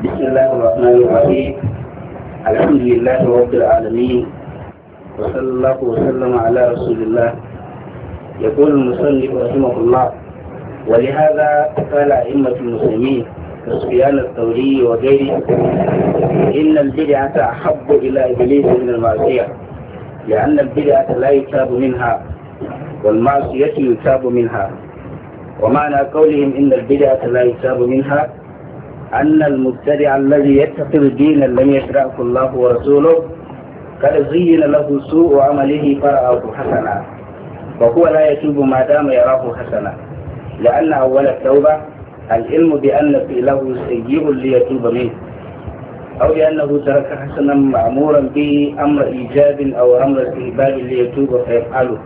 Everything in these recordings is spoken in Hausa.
بسم الله الرحمن الرحيم الحمد لله رب العالمين وصلى الله وسلم على رسول الله يقول المصنف رحمه الله ولهذا قال أئمة المسلمين كسفيان الثوري وغيره إن البدعة أحب إلى إبليس من المعصية لأن البدعة لا يتاب منها والمعصية يتاب منها ومعنى قولهم إن البدعة لا يتاب منها أن المبتدع الذي يتخذ دينا لم يشرعه الله ورسوله قد زين له سوء عمله فرآه حسنا وهو لا يتوب ما دام يراه حسنا لأن أول التوبة العلم بأن في له سيء ليتوب منه أو لأنه ترك حسنا مأمورا به أمر إيجاب أو أمر استهبال ليتوب فيفعله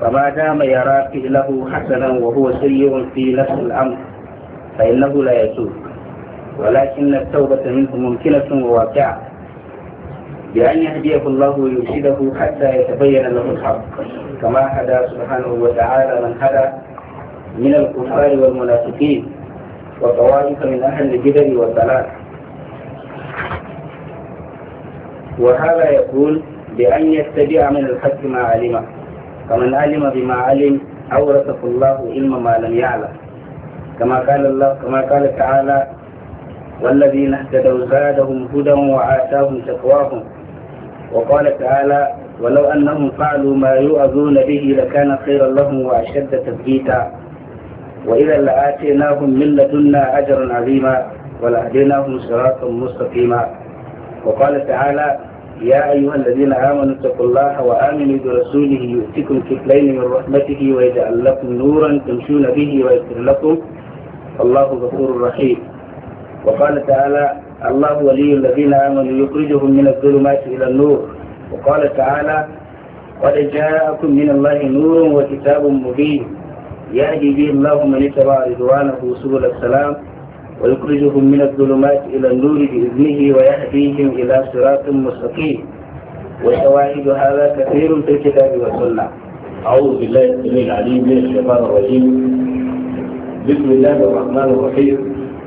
فما دام يرى فعله حسنا وهو سيء في نفس الأمر فإنه لا يتوب ولكن التوبة منه ممكنة وواقعة بأن يهديه الله ويرشده حتى يتبين له الحق كما هدى سبحانه وتعالى من هدى من الكفار والمنافقين وطوائف من أهل الجدل والضلال وهذا يقول بأن يتبع من الحق ما علم فمن علم بما علم أورثه الله علم ما لم يعلم كما قال الله كما قال تعالى والذين اهتدوا زادهم هدى وآتاهم تقواهم وقال تعالى ولو أنهم فعلوا ما يؤذون به لكان خيرا لهم وأشد تثبيتا وإذا لآتيناهم من لدنا أجرا عظيما ولهديناهم صراطا مستقيما وقال تعالى يا أيها الذين آمنوا اتقوا الله وآمنوا برسوله يؤتكم كفلين من رحمته ويجعل لكم نورا تمشون به ويغفر لكم الله غفور رحيم وقال تعالى الله ولي الذين آمنوا يخرجهم من الظلمات إلى النور وقال تعالى قد جاءكم من الله نور وكتاب مبين يهدي به الله من اتبع رضوانه سبل السلام ويخرجهم من الظلمات إلى النور بإذنه ويهديهم إلى صراط مستقيم وشواهد هذا كثير في الكتاب والسنة أعوذ بالله السميع العليم من الشيطان الرجيم بسم الله الرحمن الرحيم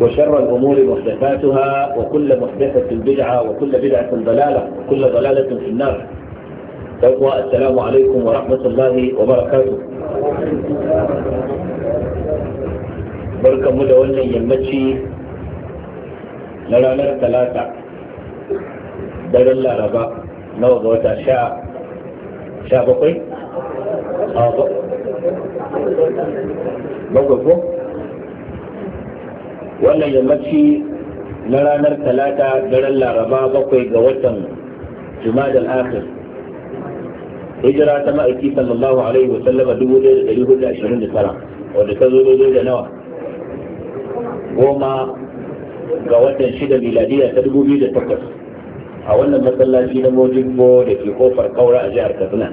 وشر الأمور محدثاتها وكل محدثة بدعة وكل بدعة ضلالة وكل ضلالة في النار أخوة السلام عليكم ورحمة الله وبركاته بركة مدونة يمتشي لرانا ثلاثة دار الله ربا نوضوة شاء شاء بقي آه بقي بقي wannan yammaci na ranar talata daren laraba bakwai ga watan jumadal akhir hijira ta ma'aiki sallallahu alaihi wa sallama dubu ɗaya da ɗari hudu ashirin da tara wadda ta zo dole da nawa goma ga watan shida miladiya ta dubu biyu da takwas a wannan masallaci na mojimbo da ke kofar kaura a jihar katsina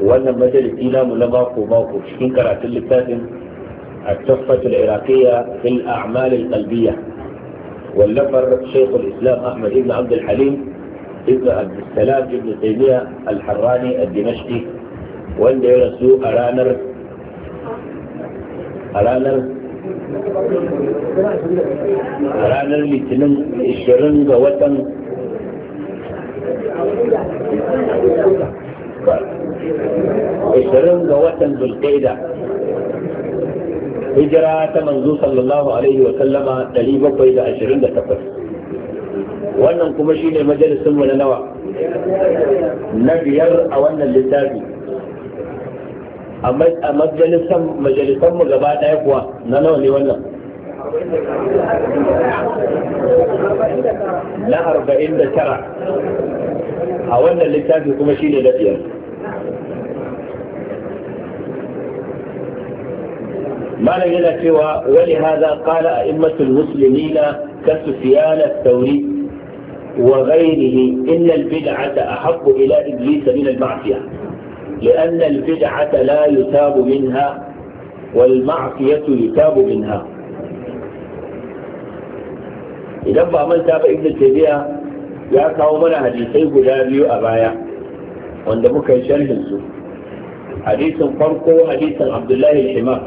wannan majalisi namu na mako mako cikin karatun littafin التحفة العراقية في الأعمال القلبية واللفر شيخ الإسلام أحمد بن عبد الحليم ابن عبد السلام بن تيمية الحراني الدمشقي wanda رسو ارانر ارانر ارانر اللي ranar a ranar litinin 20 بالقيدة hijira ta manzo sallallahu alaihi wa sallama 728 wannan kuma shine majalisin mu na nawa na biyar a wannan littafi a majalisan majalisan mu gaba daya kuwa na nawa ne wannan na arba'in da tara a wannan littafi kuma shine na biyar ما لم سوى ولهذا قال أئمة المسلمين كسفيان الثوري وغيره إن البدعة ا إلى إبليس من المعصية لأن البدعة لا يتاب منها والمعصية يتاب منها إذا ذ من تاب ابن التيميه يا قومنا حديثي ب ل ا ب ي ابايا وندمك ا ل ش حديث فرقه حديث عبد الله الحمار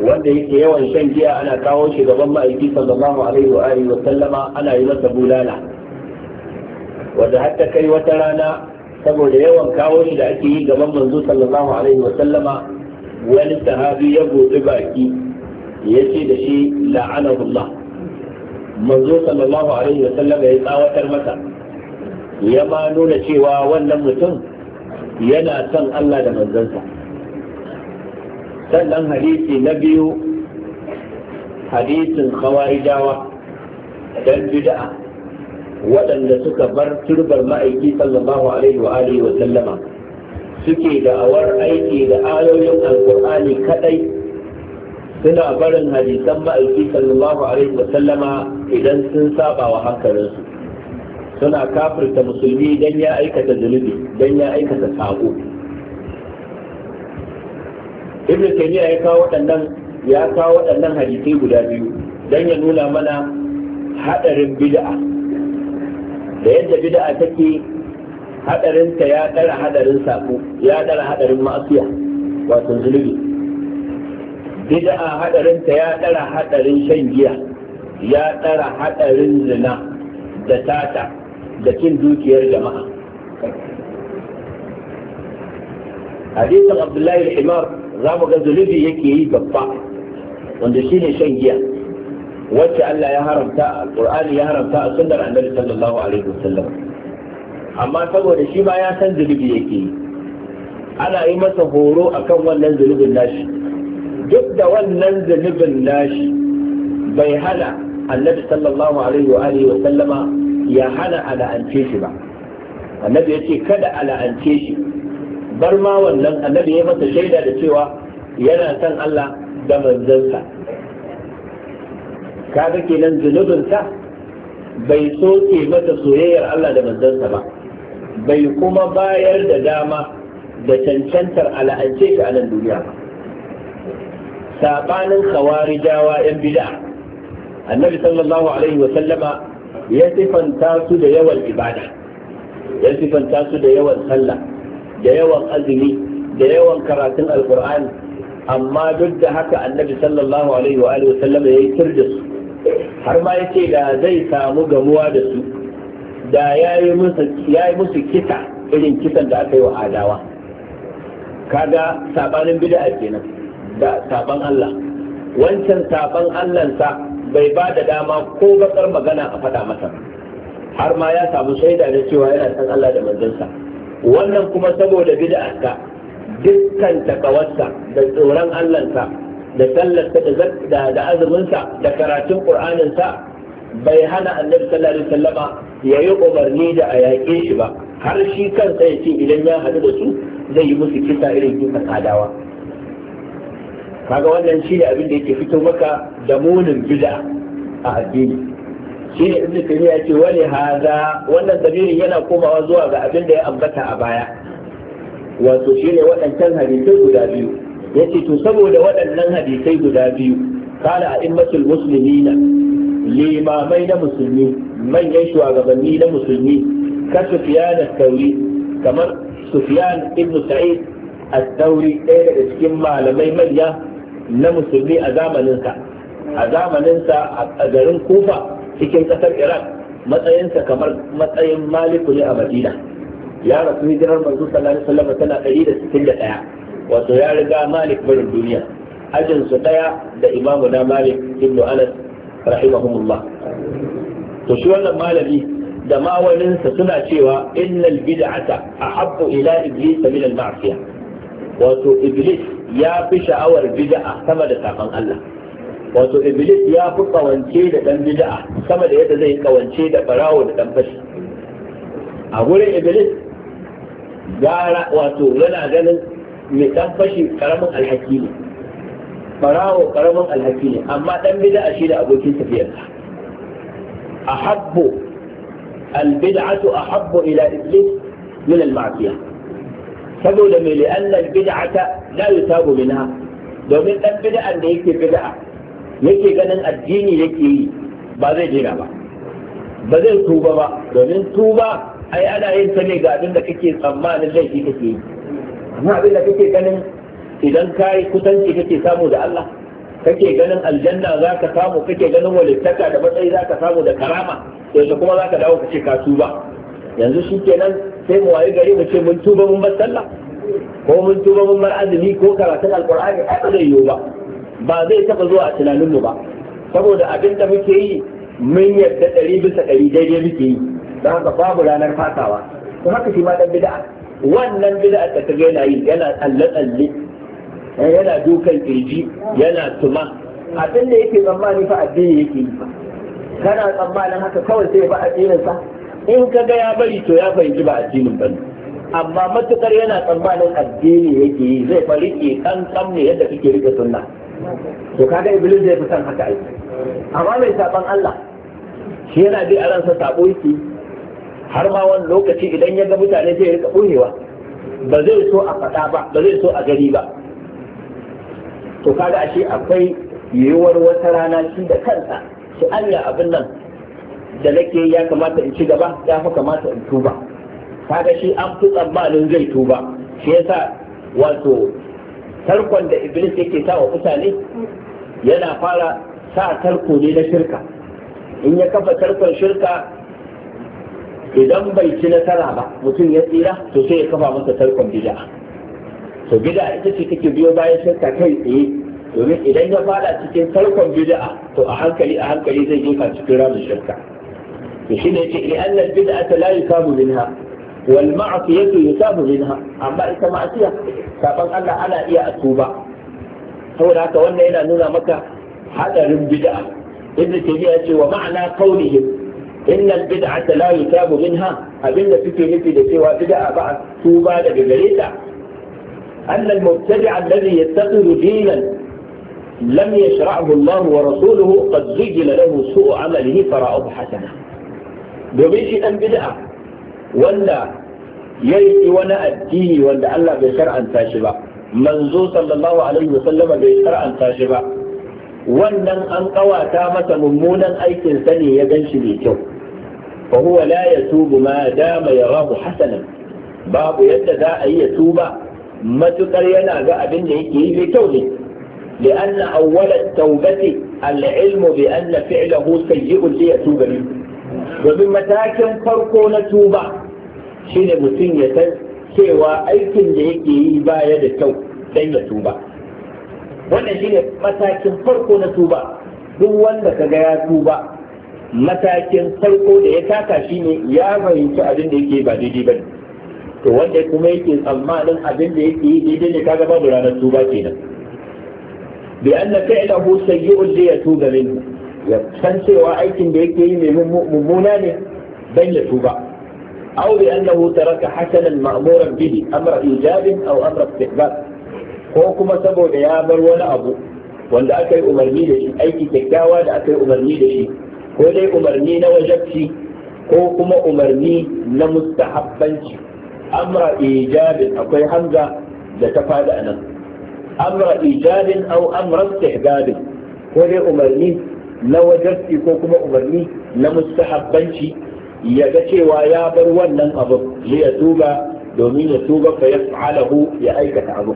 wanda yake yawan shan giya ana kawo shi gaban ma'aiki sallallahu alaihi wa alihi wa sallama ana yi masa bulala wanda hatta kai wata rana saboda yawan kawo shi da ake yi gaban manzo sallallahu alaihi wa sallama wani sahabi ya gobe baki ya ce da shi la'anahullah manzo sallallahu alaihi wa sallama ya tsawatar masa ya ma nuna cewa wannan mutum yana son Allah da manzansa sannan hadisi na biyu hadisin khawarijawa dan bid'a waɗanda suka bar turbar ma'aiki sallallahu alaihi wa alihi wa sallama suke da'awar aiki da ayoyin alkur'ani kadai suna barin hadisan ma'aiki sallallahu alaihi wa sallama idan sun saba wa hankalinsu suna kafirta musulmi don ya aikata zunubi dan ya aikata saƙo. ibn taymiya ya kawo waɗannan ya kawo waɗannan hadisi guda biyu dan ya nuna mana hadarin bid'a da yadda bid'a take hadarin ta ya dara hadarin sako ya dara hadarin ma'asiya wato zulubi bid'a hadarin ta ya dara hadarin shan giya ya dara hadarin zina da tata da cin dukiyar jama'a hadisin abdullahi al-himar za mu ga zunubi yake yi babba wanda shi ne shan giya wacce Allah ya haramta a Qur'ani ya haramta a sunnar Annabi sallallahu alaihi wasallam amma saboda shi ma ya san zunubi yake yi ana yi masa horo akan wannan zunubin nashi duk da wannan zunubin nashi bai hana Annabi sallallahu alaihi wa alihi wasallama ya hana ala'ance shi ba annabi ya ce kada ala'ance shi bar ma wannan annabi ya masa shaida da cewa yana son Allah da manzansa kaga kenan zunubinsa bai soke masa soyayyar Allah da manzansa ba bai kuma bayar da dama da cancantar ala'ance shi a nan duniya ba sabanin khawarijawa yan bid'a annabi sallallahu alaihi wa sallama ya sifanta su da yawan ibada ya sifanta su da yawan sallah da yawan azumi da yawan karatun alkur'ani amma duk da haka annabi sallallahu alaihi wa alihi wasallam ya yi tur da su har ma yace da zai samu gamuwa da su da yayi musu yayi musu kisa irin kisan da aka yi wa adawa kaga sabanin bid'a kenan da saban Allah wancan saban sa bai ba da dama ko bakar magana a faɗa masa har ma ya samu shaida da cewa yana san Allah da manzansa wannan kuma saboda bid'arsa dukkan takawarsa da tsoron Allahnsa da sallarsa da da azuminsa da karatun Qur'aninsa bai hana Annabi sallallahu alaihi wasallama yayi umarni da a yaƙe shi ba har shi kansa ya ce idan ya haɗu da su zai yi musu kisa irin kisa kadawa kaga wannan shi ne abin da yake fito maka da munin bid'a a addini shi ne ibn ya ce wani haza wannan dabirin yana komawa zuwa ga abin da ya ambata a baya wato shi ne waɗancan hadisai guda biyu yace to saboda waɗannan hadisai guda biyu kana a immatul muslimina limamai na musulmi manyan shugabanni na musulmi ka sufyan al kamar sufyan ibn sa'id al dauri ɗaya daga cikin malamai manya na musulmi a zamaninsa a sa a garin kufa cikin ƙasar iran matsayinsa kamar matsayin maliku ne a madina ya rasu hijirar manzo sallallahu alaihi wasallam tana 161 wato ya riga malik barin duniya ajin su daya da imamu na malik ibnu anas rahimahumullah to shi wannan malami da mawaninsa suna cewa innal bid'ata ahabbu ila iblis min al ma'siyah wato iblis ya fi sha'awar bid'a sama da saban Allah wato iblis ya fi kawance da dan bid'a sama da yadda zai kawance da farao da dan fashi a gurin iblis gara wato yana ganin mai dan fashi karamin alhaki ne farao karamin alhaki ne amma dan bid'a shi da abokin tafiyar sa ahabbu albid'atu ahabbu ila iblis min al saboda me li'anna al-bid'ata la yutabu minha domin dan bid'an da yake bid'a yake ganin addini yake yi ba zai daina ba ba zai tuba ba domin tuba ai ana yin ta ne ga abin da kake tsammanin laifi kake yi amma abin da kake ganin idan ka yi kusanci kake samu da Allah kake ganin aljanna za ka samu kake ganin walittaka da matsayi za ka samu da karama yanzu kuma za ka dawo ka ce ka tuba yanzu shi kenan sai mu wayi gari mu ce mun tuba mun bar sallah ko mun tuba mun bar azumi ko karatun alqur'ani ai ba zai yiwu ba ba zai taba zuwa a tunaninmu ba saboda abin da muke yi mun yarda ɗari bisa ɗari daidai muke yi don haka babu ranar fatawa to haka shi ma ɗan bida'a wannan bida'a da ta yana yi yana tsalle-tsalle yana dukan kirji yana tuma abin da yake tsammani fa addini yake yi kana tsammanin haka kawai sai ba addinin sa in ga ya bari to ya fahimci ba addinin ba amma matukar yana tsammanin addini yake yi zai fa riƙe kankan ne yadda kake riƙe sunna to kaga iblis zai fi san haka aiki amma mai saban Allah shi yana bi a ransa sabo yake har ma wani lokaci idan ya ga mutane zai rika buhewa ba zai so a faɗa ba ba zai so a gari ba to kaga ashe akwai yiwuwar wata rana shi da kansa shi Allah abin nan da nake ya kamata in ci gaba ya fi kamata in tuba kaga shi an fi tsammanin zai tuba shi yasa wato tarkon da iblis yake sa wa mutane yana fara sa tarko ne na shirka in ya kafa tarkon shirka idan bai ci nasara ba mutum ya tsira to sai ya kafa masa tarkon bid'a to bid'a ita ce take biyo bayan shirka kai tsaye domin idan ya fara cikin tarkon bid'a to a hankali a hankali zai jefa cikin ramin shirka to shine yace li anna bid'ata la samu minha والمعصية يتاب منها أما إذا معصية فقال الله أنا يا أتوبة هو لا تولى إلى نونا مكة هذا بدعه ابن تيمية ومعنى قولهم إن البدعة لا يتاب منها أبن فكي نفي لسوى بدعة بعد توبة لبريدة أن المبتدع الذي يتخذ دينا لم يشرعه الله ورسوله قد زجل له سوء عمله فرأه حسنا بمشي أن بدعه wanda ya yi wani addini wanda Allah bai shar'anta shi ba manzo sallallahu alaihi wa sallama bai shar'anta shi ba wannan an kawata masa mummunan aikin sa ne ya gan shi mai kyau fa huwa la yatubu ma dama yarahu hasanan babu yadda za a yi ya tuba matukar yana ga abin da yake yi mai kyau ne لأن أول التوبة العلم بأن فعله سيء ليتوب منه domin matakin farko na tuba shi ne mutum ya san cewa aikin da yake yi baya da kyau dan ya tuba wannan shi ne matakin farko na tuba duk wanda ka ga ya tuba matakin farko da ya taka shi ne ya fahimci abin da yake ba daidai ba to wanda kuma yake tsammanin abin da yake yi daidai ne kaga babu ranar tuba kenan bi anna fi'luhu sayyi'un li yatuba minhu ya san cewa aikin da yake yi mai mummuna ne dan ya tuba أو لأنه ترك حسنا مأمورا به أمر إيجاب أو أمر استحباب ko kuma saboda ya bar wani abu wanda aka yi umarni da shi aiki kyakkyawa da aka yi umarni da shi ko dai umarni na wajabci ko kuma umarni na mustahabbanci amra ijabin akwai hamza da ta fada a nan amra ijabin au amra istihbabin ko dai umarni na wajabci ko kuma umarni na mustahabbanci ya ga cewa ya bar wannan abu li ya tuba domin ya tuba fa yaf'alahu ya aikata abu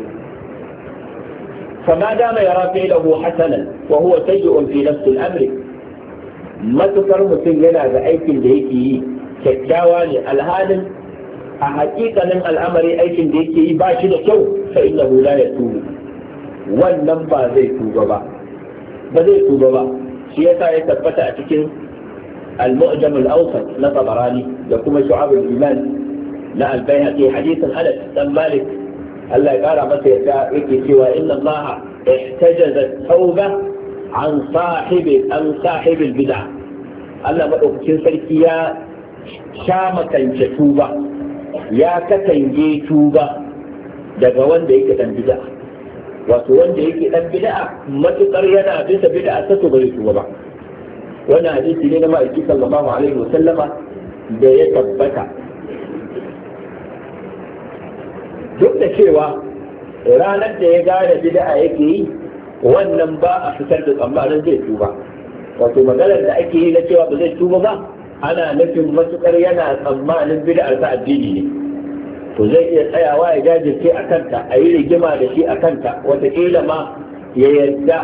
فما دام يرى فعله حسنا وهو سيء في نفس الامر ما mutum yana da aikin da yake yi kyakkyawa ne alhalin a hakikanin al'amari aikin da yake yi ba shi da kyau fa innahu la yatubu wannan ba zai tuba ba ba zai tuba ba shi yasa ya tabbata a cikin al-mu'jam na tabarani da kuma shu'abul iman na al-bayhaqi hadithan anas dan malik Allah ya kara masa yadda ake cewa inna Allah ihtajaza tauba an sahibi an sahibi bid'a Allah madaukakin sarki ya sha makance tuba ya katange tuba daga wanda yake dan bid'a wato wanda yake dan bid'a matuƙar yana bisa bid'a ta to bai tuba ba wannan hadisi ne na ma'aiki sallallahu alaihi wa sallama da ya tabbata duk da cewa ranar da ya gane bid'a yake yi wannan ba a fitar da tsammanin zai tuba wato maganar da ake yi na cewa ba zai tuba ba ana nufin matukar yana tsammanin bida'ar ta addini ne to zai iya tsayawa ya jajirce a kanta a yi rigima da shi a kanta wataƙila ma ya yarda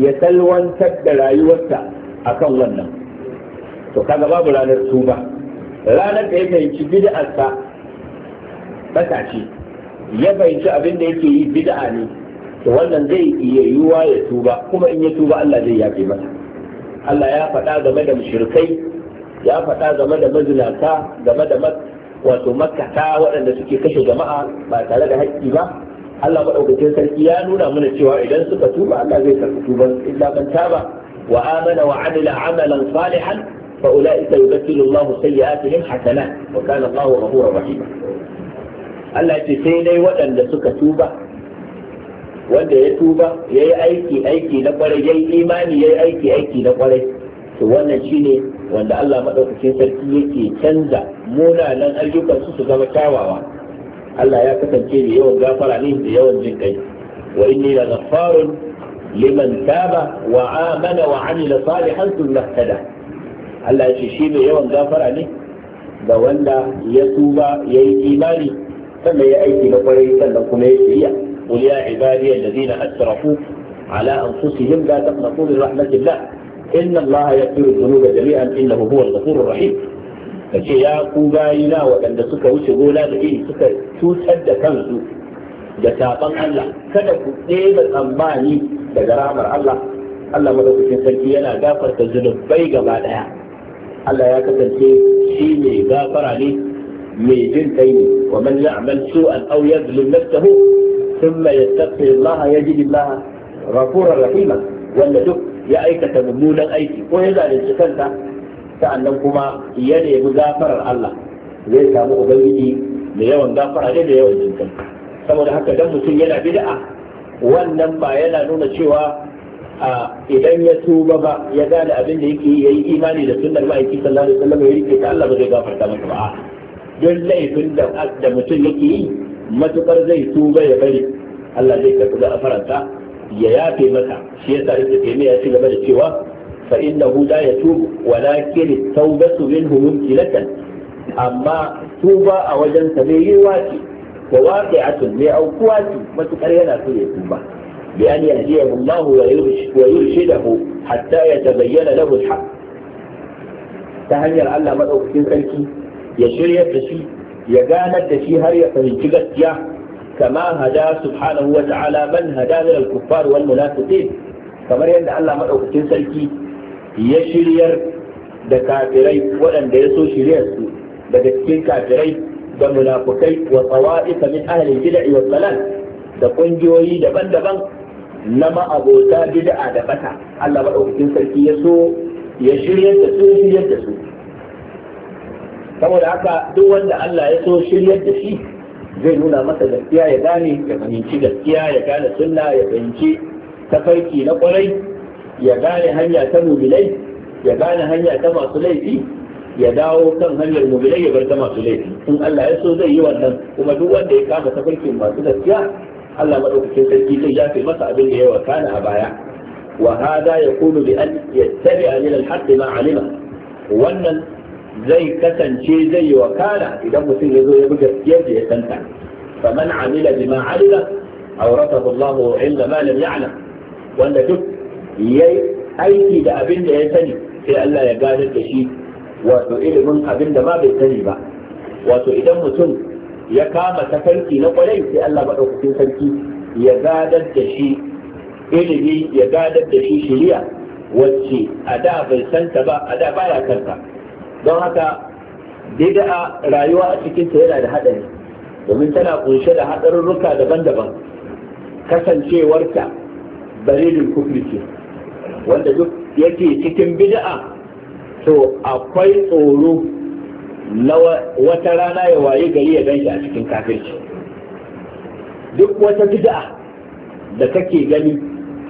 ya salwantar da rayuwarsa akan wannan to kaga babu ranar tuba ranar da ya fahimci bid'arsa bata ce ya fahimci abin da yake yi bid'a ne to wannan zai iya yiwuwa ya tuba kuma in ya tuba Allah zai yafe masa Allah ya faɗa game da mushrikai ya faɗa game da mazinata game da wato makata waɗanda suke kashe jama'a ba tare da haƙƙi ba Allah maɗaukakin sarki ya nuna mana cewa idan suka tuba Allah zai karɓi tuban illa ban ba وآمن وعمل عملا صالحا فأولئك يبدل الله سيئاتهم حسنات وكان الله غفورا رحيما Allah ce sai dai waɗanda suka tuba wanda ya tuba ya yi aiki aiki na kwarai ya yi imani ya yi aiki aiki na kwarai to wannan shi ne wanda Allah maɗaukakin sarki yake canza munanan ayyukansu su zama kyawawa Allah ya kasance da yawan gafara ne da yawan jin kai wa inni la ghaffarun لمن تاب وعامل وعمل صالحا ثم اهتدى هل شي شي ما يوم دافر عليه؟ ده ولا يتوب يا ايماني فما يا ايتي بقري سلكم هي قل يا عبادي الذين اسرفوا على انفسهم لا تقنطوا من رحمه الله ان الله يغفر الذنوب جميعا انه هو الغفور الرحيم فشي يا قوغاينا وعند سكا وشي غولا بكي إيه؟ سكا توسد كنزو جتاقا الله كدك ديما الأنباني daga rahmar Allah Allah madaukakin sarki yana gafarta zunubai gaba daya Allah ya kasance shi ne gafara ne mai jin kai ne wa man ya'mal su'an aw yadhlim nafsahu thumma yastaghfir Allah yajid Allah ghafurur rahima wanda duk ya aikata mummunan aiki ko ya zalunci kanta sa'annan kuma ya nemi gafarar Allah zai samu ubangiji mai yawan gafara ne da yawan jinkai saboda haka dan mutum yana bid'a wannan ba yana nuna cewa a idan ya tuba ba ya gane abin da yake yayi imani da sunnar ma'aiki sallallahu alaihi wasallam ya rike ta Allah ba zai gafarta masa ba don laifin da da mutum yake yi matukar zai tuba ya bari Allah zai karɓi afaranta ya yafe masa shi yasa Ibn Taymiyyah ya ci gaba da cewa fa innahu ya yatubu walakin tawbatu minhu mumkinatan amma tuba a wajen sa bai yi wace fa waqi'atun mai aukuwa ce matukar yana so ya tuba bi an yahdiyahu Allah wa yurshidahu hatta yatabayyana lahu al-haqq ta hanyar Allah madaukakin sarki ya shirya da shi ya ganar da shi har ya fahimci gaskiya kama hada subhanahu wa ta'ala man hada min al-kuffar wal munafiqin kamar yadda Allah madaukakin sarki ya shiryar da kafirai waɗanda ya so shiryar su daga cikin kafirai da munafukai wa tsawa'ifa min ahlil gida, wa dalal da ƙungiyoyi daban-daban na ma'abota bid'a da bata Allah madaukakin sarki ya so ya shiryar da su shiryar da su saboda haka duk wanda Allah ya so shiryar da shi zai nuna masa gaskiya ya gane ya fahimci gaskiya ya gane sunna ya fahimci tafarki na kwarai ya gane hanya ta mubilai ya gane hanya ta masu laifi ya dawo kan hanyar mu'minai ya bar ta masu laifi in Allah ya so zai yi wannan kuma duk wanda ya kama tafarkin masu gaskiya Allah madaukakin sarki zai yafe masa abin da ya wakana a baya wa hada yakunu bi an yattabi'a min haqq ma 'alima wannan zai kasance zai yi wakala idan mutum ya zo ya bi gaskiyar da ya santa faman amila bima 'alima awrathahu Allah 'ilma ma lam ya'lam wanda duk yayi aiki da abin da ya sani sai Allah ya gadar da shi wato ilimin abin da ma bai sani ba wato idan mutum ya kama sarki na kwarai sai Allah maɗaukakin sarki ya gadar da shi ilimi ya gadar da shi shiriya wacce a da bai santa ba a da baya kanta don haka bid'a rayuwa a cikin ta yana da haɗari domin tana kunshe da haɗarurruka daban-daban kasancewarta dalilin kufri ce wanda duk yake cikin bid'a to akwai tsoro wata rana ya waye gari ya ganshi a cikin kafirci duk wata bid'a da kake gani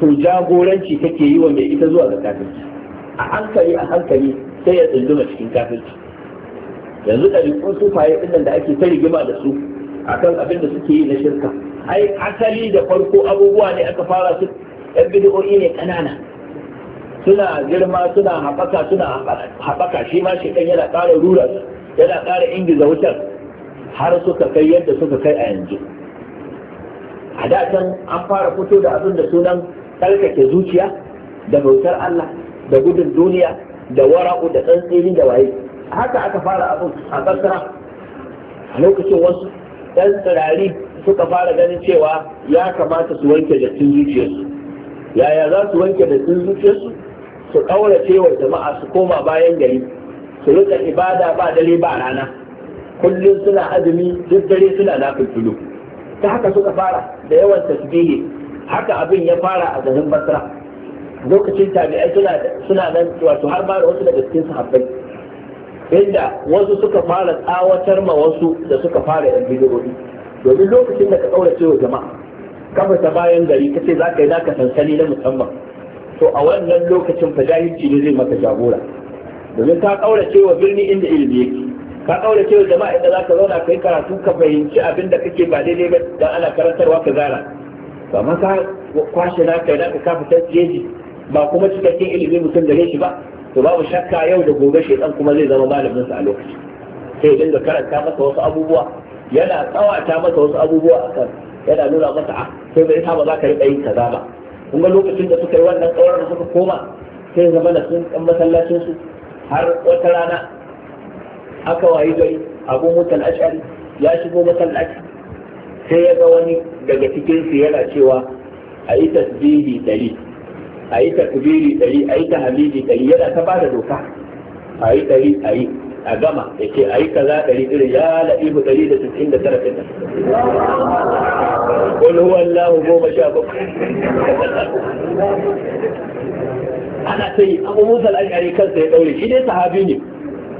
to jagoranci kake yi wa mai ita zuwa ga kafirci a hankali a hankali sai ya tsunduma cikin kafirci yanzu rikon sufaye ɗin da ake ta rigima da su akan abin da suke yi na shirka ai asali da farko abubuwa ne aka fara su yan bidiyo'i ne ƙanana suna girma suna haɓaka suna haɓaka shi ma shi kan yana ƙara rura yana ƙara ingiza wutar har suka kai yadda suka kai a yanzu a da an fara fito da abin da sunan tsarkake zuciya da bautar Allah da gudun duniya da wara'u da tsantsini da waye haka aka fara abin a basra a lokacin wasu ɗan tsirari suka fara ganin cewa ya kamata su wanke dattin zuciyarsu yaya za su wanke dattin zuciyarsu su ƙaura cewa jama'a su koma bayan gari su rika ibada ba dare ba rana kullum suna azumi duk dare suna nafilfilu ta haka suka fara da yawan tasbihi haka abin ya fara a garin basra lokacin tabi'ai suna nan wato har ma da wasu daga cikin sahabbai inda wasu suka fara tsawatar ma wasu da suka fara yan bidiyoyi domin lokacin da ka kaurace wa jama'a kafa ta bayan gari kace za ka yi naka sansani na musamman to a wannan lokacin fa ne zai maka jagora domin ka kaurace wa birni inda ilimi yake ka kaurace wa jama'a inda zaka zauna kai karatu ka fahimci abin da kake ba daidai ba dan ana karantarwa ka gara ba ma ka kwashe na kai da ka fita jeji ba kuma cikakken ilimi mutum gare shi ba to babu shakka yau da gobe dan kuma zai zama malamin sa a lokaci sai ya dinga karanta masa wasu abubuwa yana tsawata masa wasu abubuwa akan yana nuna masa a ah, sai bai ba za ka riƙa yin kaza ba kuma lokacin da suka yi wannan kawar da suka koma sai zama da sun kan masallacin har wata rana aka wayi gari abu mutan ashari ya shigo masallaci sai ya ga wani daga cikin su yana cewa a yi tasbihi dari a yi takbiri dari a yi tahmidi dari yana ta bada doka a yi dari a yi a gama da ke a yi kaza ɗari ɗari ya la'ibu ɗari da sittin da tara fita Wani huwan lahu goma sha bakwai ana ta yi abu musa al'ashari kansa ya ɗaure shi dai sahabi ne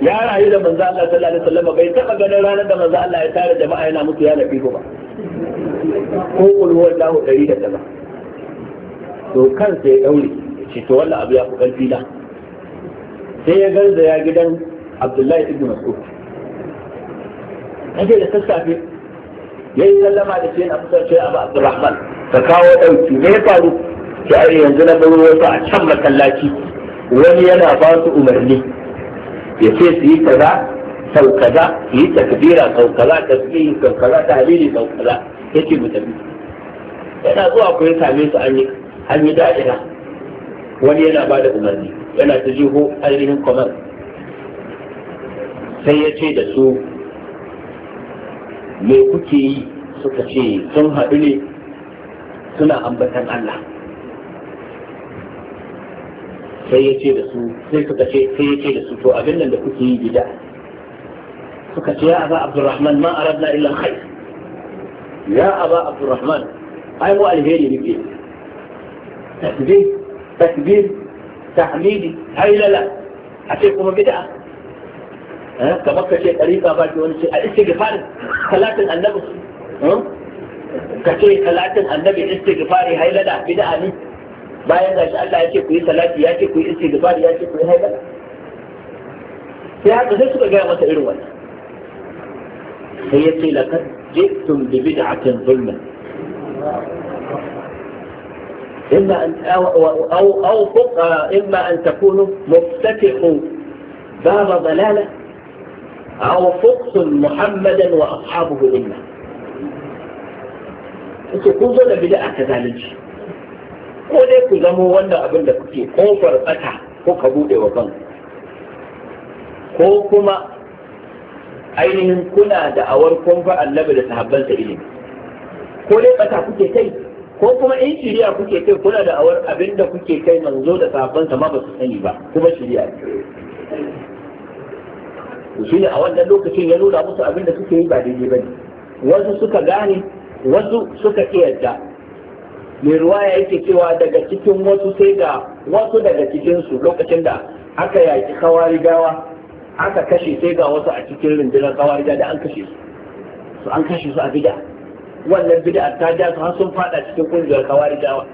ya rayu da manzo Allah sallallahu alaihi wasallam bai taɓa ganin ranar da manzo Allah ya tare jama'a yana mutu ya la'ibu ba ko kun huwa ɗari da tara. to kansa ya ɗaure shi to wannan abu ya fi ƙarfi na sai ya garza ya gidan abdullahi ibn mas'ud nake da sassafe yayi sallama da shi na fitar ce abu abdurrahman ka kawo dauki me ya faru ki ai yanzu na baro wasu a can masallaci wani yana ba su umarni ya ce su yi kaza sau kaza su yi takbira sau kaza tasbihi sau kaza tahlili sau kaza yace mu tafi yana zuwa ku ya same su an yi an yi da'ira wani yana ba da umarni yana ta jiho ainihin kwamar sai ya ce da su me kuke yi suka ce sun haɗu ne suna ambatan Allah sai ya ce da su sai suka ce sai ya ce da su to abin nan da kuke yi gida suka ce ya aba abdurrahman ma aradna illa kai? ya aba abdurrahman ai mu alheri muke takbir takbir tahmidi ai lala a ce kuma bid'a كمكة شيء طريقة بعد وانا شيء الاستغفار خلات النبي كشيء خلات النبي الاستغفار هاي لنا بدا أمي ما ينعش الله يشي كوي صلاة يشي كوي استغفار يشي كوي هاي لنا يا هذا الشيء سوى جاء مسئلون هي قيل قد جئتم ببدعة ظلمة إما أن أو أو أو فق إما أن تكونوا مفتتحوا باب ضلاله أو فقتل محمدا وأصحابه إلا Kuke kun zo da bid'a ta zalunci ko dai ku zamo wannan abin da kuke kofar tsaka ko ka bude wa kan ko kuma ainihin kuna da awar kunfa annabi da sahabbansa ilimi ko dai tsaka kuke kai ko kuma in shiriya kuke kai kuna da awar abin da kuke kai manzo da sahabbansa ma ba su sani ba kuma shiriya shi ne a wannan lokacin ya nuna musu abin da suke yi ba daidai ba ne? wasu suka gane wasu suka yarda mai ruwaya yake cewa daga cikin wasu sai ga wasu daga cikin su lokacin da aka yaki kawarigawa aka kashe sai ga wasu a cikin rundunar kawariga da an kashe su su an kashe su a bid'a wannan bid'a ta ja su har sun fada cikin kungiyar kawarigawa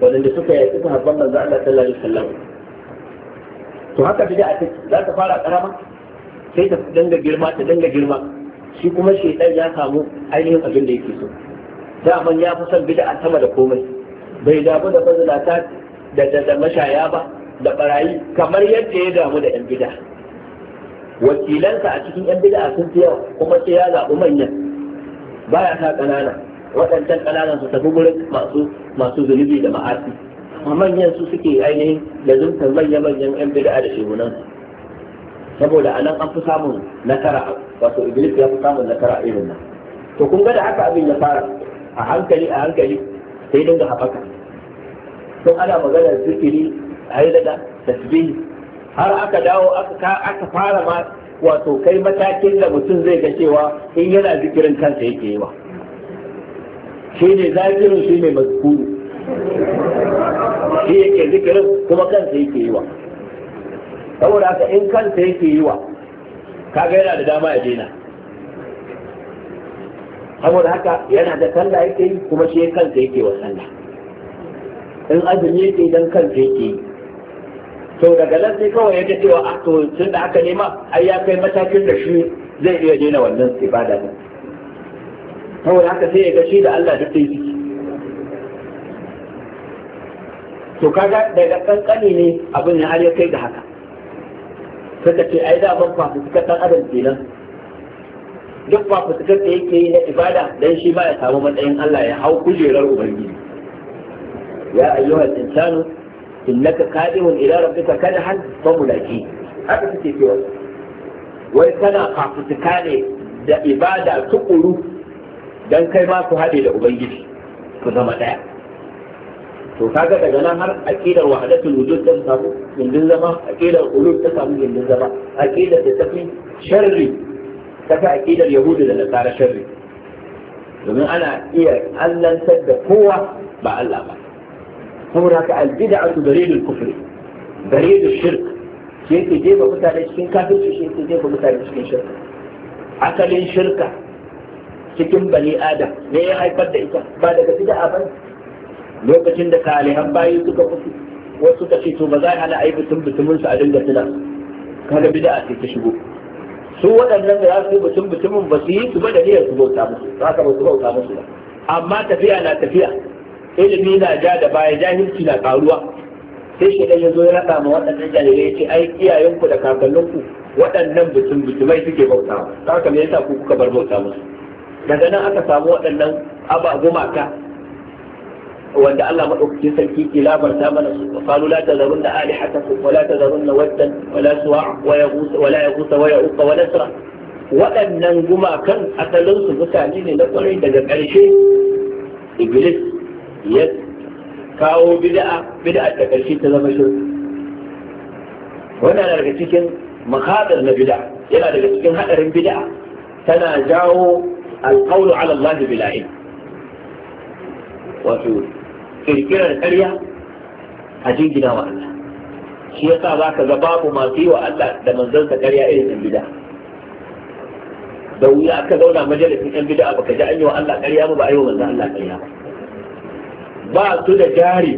wadanda suka yaki ban manzo Allah sallallahu alaihi wasallam to haka bid'a za ta fara karama sai ta danga girma ta danga girma shi kuma shaidan ya samu ainihin abin da yake so daman ya fi son bid'a a sama da komai bai damu da mazalata da da mashaya ba da barayi kamar yadda ya damu da yan bid'a wakilansa a cikin yan bid'a sun fi yawa kuma sai ya zaɓi manyan baya sa ƙanana waɗancan ƙananan su tafi gurin masu masu zunubi da ma'asi manyan su suke ainihin da zuntar manya-manyan yan bid'a da shehunan saboda a nan an fi samun nasara wato iblis ya fi samun nasara irin nan to kun ga da haka abin ya fara a hankali a hankali sai dinga haɓaka tun ana magana zikiri daga tasbihi har aka dawo aka fara ma wato kai matakin da mutum zai ga cewa in yana zikirin kansa yake yi ba shi ne zakirin shi ne mazkuru shi yake zikirin kuma kansa yake yi wa saboda haka in kansa yake yi wa kaga yana da dama ya daina saboda haka yana da sallah yake yi kuma shi kansa yake wa sallah in azumi yake idan kansa yake yi to daga nan sai kawai yake cewa a ah, to tun da aka nema ai ya kai matakin da shi zai iya daina wannan ibada din saboda haka sai ya ga shi da Allah duk sai to kaga daga kankani ne abin ya har ya kai ga haka suka ce ai da ban fafutukar ɗan adam kenan duk fafutukar da yake yi na ibada dan shi ba ya samu matsayin Allah ya hau kujerar ubangiji ya ayyuhal insanu innaka qadimun ila rabbika kadhan fa mulaki haka suke cewa wai kana fafutuka ne da ibada tukuru dan kai ma ku haɗe da ubangiji ku zama ɗaya to kaga daga nan har aqidar wahdatul wujud ta samu gindin zama aqidar ulul ta samu gindin zama aqidar da tafi fi sharri ta fi aqidar yahudu da nasara sharri domin ana iya allantar da kowa ba Allah ba saboda haka albida'atu dalilul kufri dalilul shirk shi yake jefa mutane cikin kafirci shi yake jefa mutane cikin shirka asalin shirka cikin bani adam ne ya haifar da ita ba daga bid'a ba lokacin da kalihan bayi suka fito wasu suka ce to ba za a hana ai bitum bitumin su a dinga tuna kaga bid'a ce ta shigo su waɗannan da za su yi bitum bitumin ba su yi su ba da niyyar su bauta musu za ka ba su bauta musu ba amma tafiya na tafiya ilimi na ja da baya jahilci na karuwa sai shi ya zo ya raɗa ma waɗannan jarirai ya ce ai iyayenku da kakanninku waɗannan bitum bitumai suke bautawa za ka me yasa ku kuka bar bauta musu daga nan aka samu waɗannan mata wanda Allah madaukakin sarki ke labarta mana su qalu la tazarunna alihatakum wa la da waddan wa la suwa wa yaghus wa la yaghus wa ya'uq wa nasra waɗannan gumakan asalin su mutane ne na kwarai daga ƙarshe iblis ya kawo bid'a bid'a ta ƙarshe ta zama shirka wannan daga cikin makadar na bid'a yana daga cikin hadarin bid'a tana jawo alqawlu ala Allah bila wato kirkirar karya a jingina wa Allah shi yasa za ka ga babu masu yi wa Allah da manzansa karya irin yan bida da wuya aka zauna majalisin yan bida baka ji an yi wa Allah karya ba ba a yi wa manzan Allah karya ba ba su da jari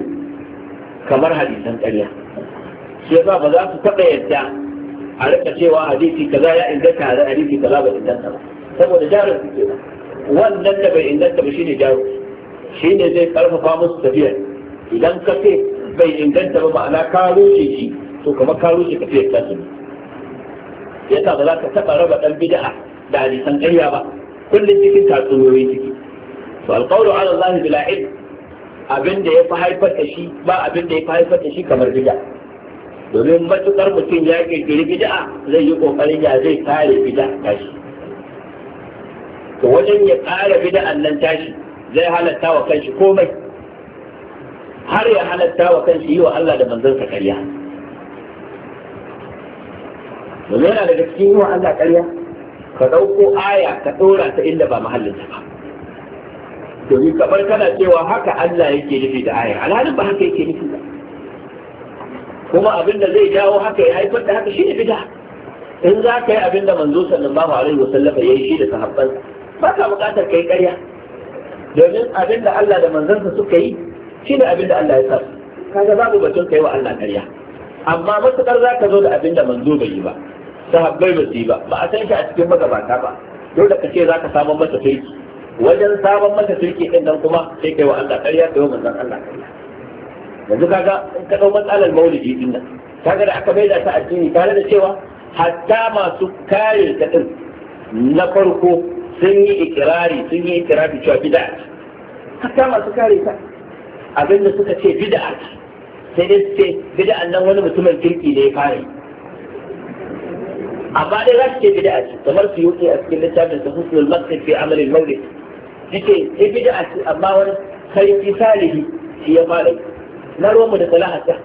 kamar hadisan karya shi yasa ba za su taɓa yadda a rika cewa hadisi kaza ya inganta hadisi kaza ba inganta ba saboda jarin su ke wannan da bai inganta ba shi ne jarin shi ne zai karfafa musu tafiyar idan ka ce bai inganta ba ma'ana ka rushe shi to kuma ka rushe fiye ta ya yasa ba za ka taɓa raba ɗan bid'a da alisan ƙarya ba kullum cikin tatsuniyoyi ciki to alƙawar ala Allah bila il abin da ya fi haifar da shi ba abin da ya fi haifar da shi kamar bid'a domin matuƙar mutum ya ƙirƙiri bid'a zai yi ƙoƙarin ya zai kare bid'a tashi to wajen ya kare bida'an nan tashi zai halatta wa kanshi komai har ya halatta wa kanshi yi wa Allah da manzansa karya. domin yana daga cikin yi wa Allah karya ka ɗauko aya ka ɗora ta inda ba mahallinta ba domin kamar kana cewa haka Allah yake nufi da aya alhalin ba haka yake nufi ba kuma abin da zai jawo haka ya haifar da haka shine bid'a in za ka yi abin da manzo sallallahu alaihi wasallam ya yi shi da sahabban ba ka buƙatar kai ƙarya domin abin da Allah da manzansa suka yi ne abin da Allah ya sa kaga babu batun kai wa Allah ƙarya amma matukar za ka zo da abin da manzo bai yi ba sahabbai ba su yi ba ba a san shi a cikin magabata ba dole ka ce za ka samun masa turki wajen samun masa turki ɗin nan kuma sai kai wa Allah ƙarya kai wa manzon Allah ƙarya yanzu kaga in ka ɗau matsalar maulidi ɗin nan kaga da aka maida ta addini tare da cewa hatta masu kare ta ɗin na farko sun yi ikirari sun yi ikirari cewa bid'a ce hatta masu kare ta abinda suka ce bid'a ce sai dai su ce bid'an nan wani mutumin kirki ne ya fara amma dai za su ce bid'a ce kamar su yi a cikin littafin sa husnul maqsid fi amalin maulid yake sai eh, bid'a ce amma wani sarki salihi shi ya fara na romu da salahata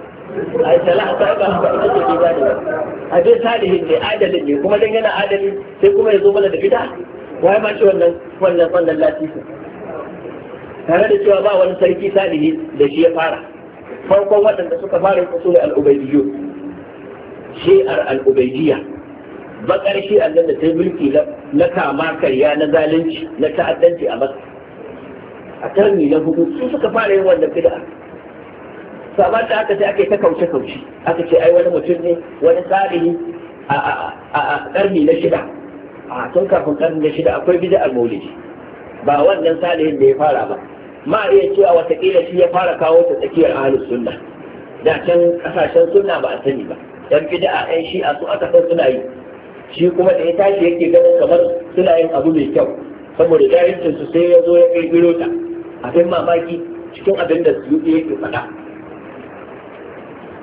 ai salahata ba ba ita ce bid'a ne a dai salihin ne adalin ne kuma dan yana adalin sai kuma ya zo mana da bid'a waye ba shi wannan wannan wannan latifi tare da cewa ba wani sarki salihi da shi ya fara farko waɗanda suka fara su ne Shi shi'ar al-ubaydiyya bakar shi nan da ta mulki na kama karya na zalunci na ta'addanci a masa a karni na hudu su suka fara yin wannan bid'a saban da aka ce ake ta kauce kauce aka ce ai wani mutum ne wani salihi a karni na shida a tun kafin karni da shida akwai bid'ar maulidi ba wannan salihin da ya fara ba ma iya cewa watakila shi ya fara kawo ta tsakiyar ahlus sunna da can kasashen sunna ba a sani ba yan bid'a yan a su aka san suna yi shi kuma da ya tashi yake ganin kamar suna yin abu mai kyau saboda jahilcin su sai ya zo ya kirkiro ta abin mamaki cikin abin da su yake faɗa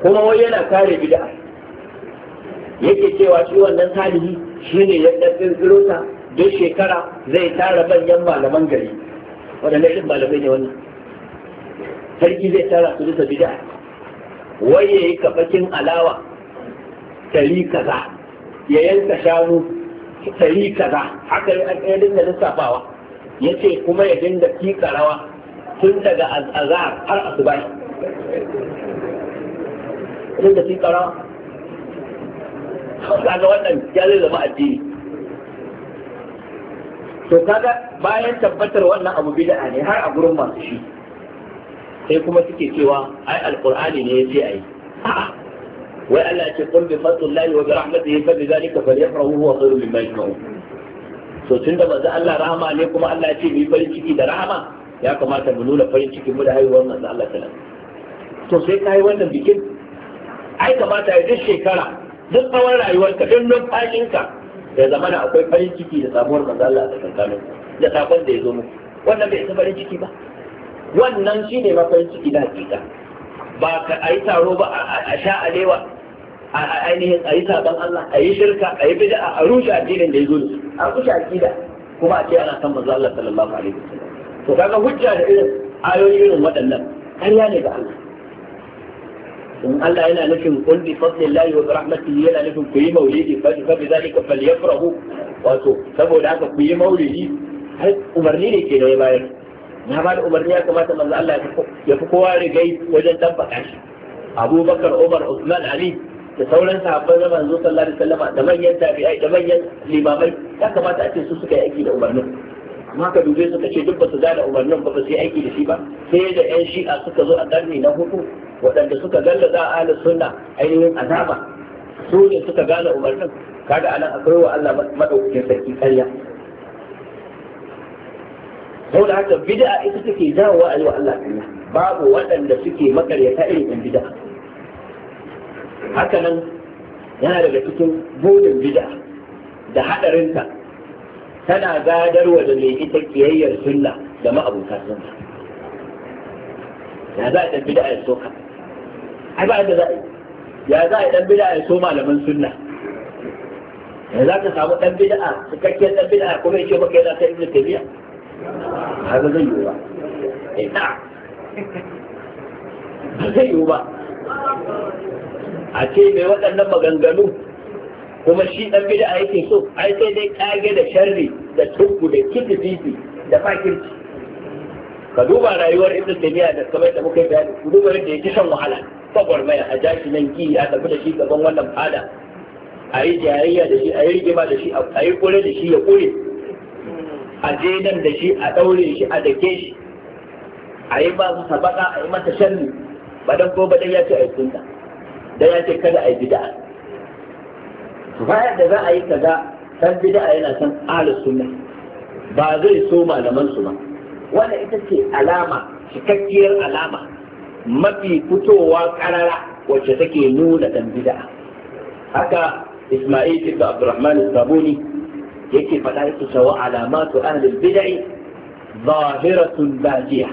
kuma wai yana kare bid'a yake cewa shi wannan salihi Shi ne ya kirkiro ta duk shekara zai tara manyan malaman gari waɗanda shi malamai ne wannan sarki zai tara su bisa bid'a wai yi kafakin alawa tari kaza ya yanka shanu tari kaza haka ya dinga lissafawa ya ce kuma ya dinga kika rawa tun daga azhar har Tun da kika rawa kaga wannan ya zai zama addini to kaga bayan tabbatar wannan abu bid'a ne har a gurin masu shi sai kuma suke cewa ai alqur'ani ne yace ai a'a wai Allah ce qul bi fadlillahi wa bi rahmatihi fa bi dhalika falyafrahu huwa khairun mimma yajma'un to tunda manzo Allah rahama ne kuma Allah ya ce bi farin ciki da rahama ya kamata mu nuna farin ciki mu da haihuwar manzo Allah sallallahu alaihi wasallam to sai kai wannan bikin ai kamata ya duk shekara duk tsawon rayuwarka duk numfashinka ya zama da akwai farin ciki da samuwar manzo Allah a tsakanin da sakon da ya zo muku wannan bai isa farin ciki ba wannan shine ma ciki da hakika ba ka ayi taro ba a sha alewa a ainihin a yi sabon Allah A yi shirka a yi bid'a a rushe addinin da ya zo a rushe akida kuma a ce ana san manzo Allah sallallahu alaihi wasallam to kaga hujja da irin ayoyi irin waɗannan ƙarya ne ga Allah in Allah yana nufin kun bi fadlillahi wa rahmatihi yana nufin ku yi maulidi fa bi zalika falyafrahu wato saboda haka ku yi maulidi har umarni ne ke da bayan? na ba da umarni ya kamata manzo Allah ya fi kowa rigai wajen tabbata shi Abubakar Umar Usman Ali da sauran sahabban na manzo sallallahu alaihi wasallam da manyan tabi'ai da manyan limamai ya kamata a ce su suka yi aiki da umarnin amma ka dube ka ce duk ba su da umarnin ba ba su yi aiki da shi ba sai da yan shi'a suka zo a karni na hudu waɗanda suka gallaza ahli sunna ainihin azaba su ne suka gane umarnin kada anan akwai wa Allah madaukakin sarki ƙarya saboda haka bid'a ita take jawo wa yi wa Allah ƙarya babu waɗanda suke makaryata irin ɗan bid'a haka nan yana daga cikin burin bid'a da haɗarinta tana gadarwa da mai ita kiyayyar sunna da ma'abokan sunna ya za a ɗan bid'a ya soka ai ba yadda za a ya za a dan bid'a ya so malaman sunna ya za ka samu dan bid'a cikakken dan bid'a kuma ya ce maka yana ta ibnu taymiya haka zai yiwu ba ina ba zai yiwu ba a ce mai waɗannan maganganu kuma shi ɗan bida a yake so ai sai dai kage da sharri da tukku da kidibibi da fakirci ka duba rayuwar ibnu taymiya da kamar da muka yi bayani ku duba yadda ya shan wahala gwagwarmaya a jashi nan ki ya tafi da shi gaban wannan fada a yi jayayya da shi a yi rigima da shi a yi kore da shi ya kore a je nan da shi a ɗaure shi a dake shi a yi ba su sabaka a yi mata shanni ba don ko ba dan ya ce a yi sunna dan ya ce kada a yi bid'a bayan da za a yi kaza san bid'a yana san ahlus sunna ba zai so malaman su ba wannan ita ce alama cikakkiyar alama mafi fitowa karara wacce take nuna dan bid'a haka Isma'il ibn Abdurrahman al-Sabuni yake faɗa yake cewa alamatu ahli bid'i zahiratun badiya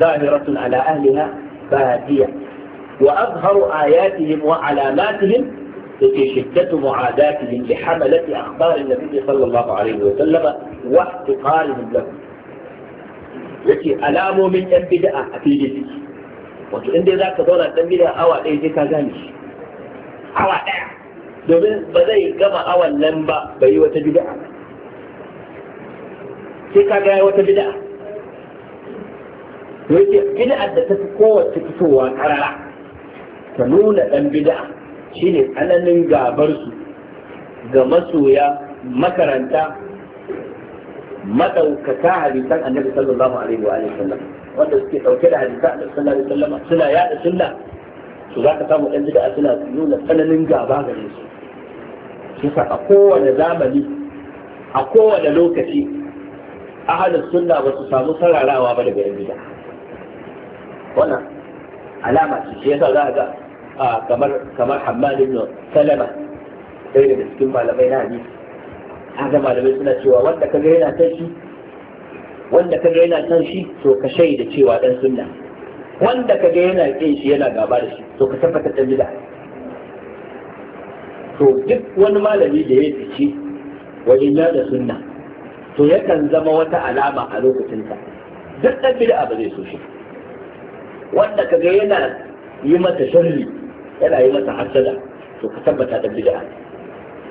zahiratun ala ahliha badiya wa azharu ayatihim wa alamatihim yake shiddatu mu'adatihim li hamalati akhbar an-nabi sallallahu alaihi wa sallam wa ihtiqarihim lahu yace alamomin yan bid'a a fili wato inda za ka zauna dan bid'a awa ɗaya sai ka gane shi awa ɗaya domin ba zai gama awan nan ba bai yi wata bid'a sai ka ga wata bid'a to yake bid'a da ta fi kowace fitowa karara ta nuna dan bid'a shine tsananin gabar su ga masoya makaranta madaukata hadisan annabi sallallahu alaihi wa sallam wanda suke dauke da hadisan annabi sallallahu alaihi wa sallam suna yada sunna su za ka samu ɗan a suna nuna tsananin gaba ga su shi sa a kowane zamani a kowane lokaci ahalus sunna ba su samu sararawa ba daga yan bid'a wannan alama ce shi yasa za ka ga kamar kamar Hammad Salama ɗaya daga cikin malamai na hadisi haka malamai suna cewa wanda kaga yana san shi wanda kaga yana san shi to ka shaida cewa dan sunna wanda kaga yana kin shi yana gaba da shi to ka tabbata da bid'a to duk wani malami da ya fice wajen da sunna to yakan zama wata alama a lokacinsa duk dan bid'a ba zai so shi wanda kaga yana yi mata sharri yana yi mata hasada to ka tabbata da bid'a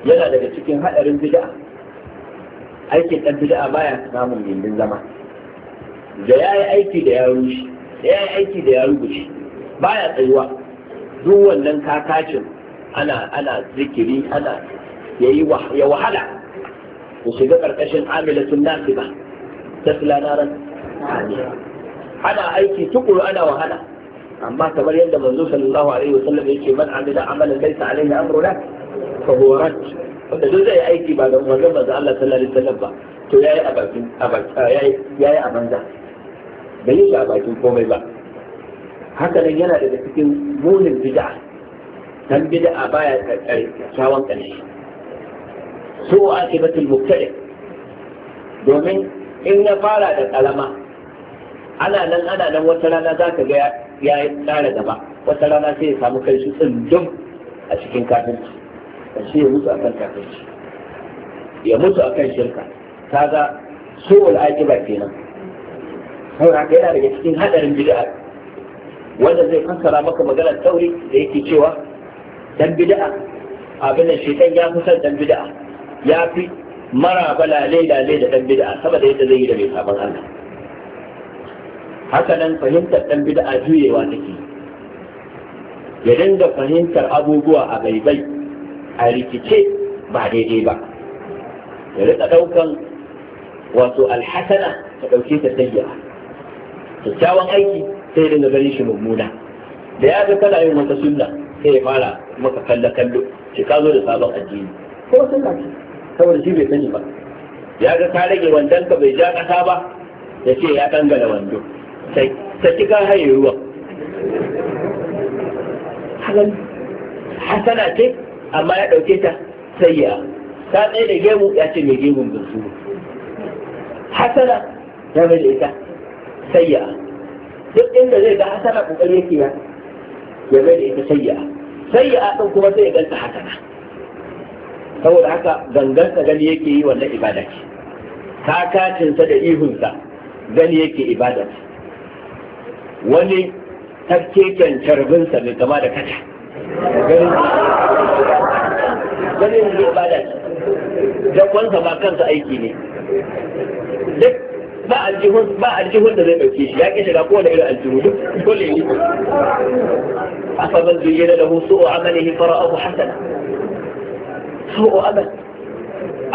yana daga cikin hadarin bid'a aikin ɗan bid'a baya samun gindin zama da ya yi aiki da ya rushe da ya yi aiki da ya rubuce baya tsayuwa duk wannan kakacin ana ana zikiri ana yi ya wahala ku shiga karkashin amilatun nasiba ta naran ana aiki tukuru ana wahala amma kamar yadda manzo sallallahu alaihi wasallam yake man amila amalan laysa alaihi amruna fa huwa rajul wanda zai zai aiki ba da umarnin za Allah sallallahu alaihi wasallam ba to yayi a bakin a yayi a banza bai yi a bakin komai ba haka nan yana daga cikin munin bid'a dan bid'a baya kyakkyawan karshe so akibatul mubtadi domin in ya fara da kalama ana nan ana nan wata rana za ka ga ya yi tsara gaba wata rana sai ya samu kai su tsindum a cikin kafinci ƙarshe ya mutu akan kafirci ya mutu akan shirka Ta ga kaga aiki ba kenan saboda haka yana daga cikin hadarin bid'a wanda zai fassara maka maganar tauri da yake cewa dan bid'a abin da shaitan ya fi son dan bid'a ya fi mara balale da da dan bid'a saboda yadda zai yi da mai sabon Allah haka nan fahimtar dan bid'a juyewa take ya dinga fahimtar abubuwa a gaibai a rikice ba daidai ba ya rika ɗaukan wato alhasana ta ɗauke ta sayya kyakkyawan aiki sai dinga ganin shi mummuna da ya ga kana yin wata sunna sai ya fara maka kalla kallo shi ka zo da sabon addini ko sunna ce saboda shi bai sani ba ya ga ka rage wandon ka bai ja ƙasa ba ya ce ya dangala wando sai ta kika haye ruwa hasana ce amma ya ɗauke ta sayya ta tsaye da gemu ya ce mai gemun bunsu hasara ya mai da ita sayya duk inda zai ga hasara kokari yake ya ya mai da ita sayya sayya ɗan kuma zai ganta hasara saboda haka gangan gani yake yi wannan ibada ce kakacinsa da ihunsa gani yake ibada ce wani kyan carbinsa mai kama da kata gani gani mun bi ibada jakwansa ma kansa aiki ne duk ba aljihun ba aljihun da zai dauke shi ya ke shiga ko da irin aljihu duk dole ne afa man zuyyana lahu su'u amalihi fara'ahu hasana su'u amal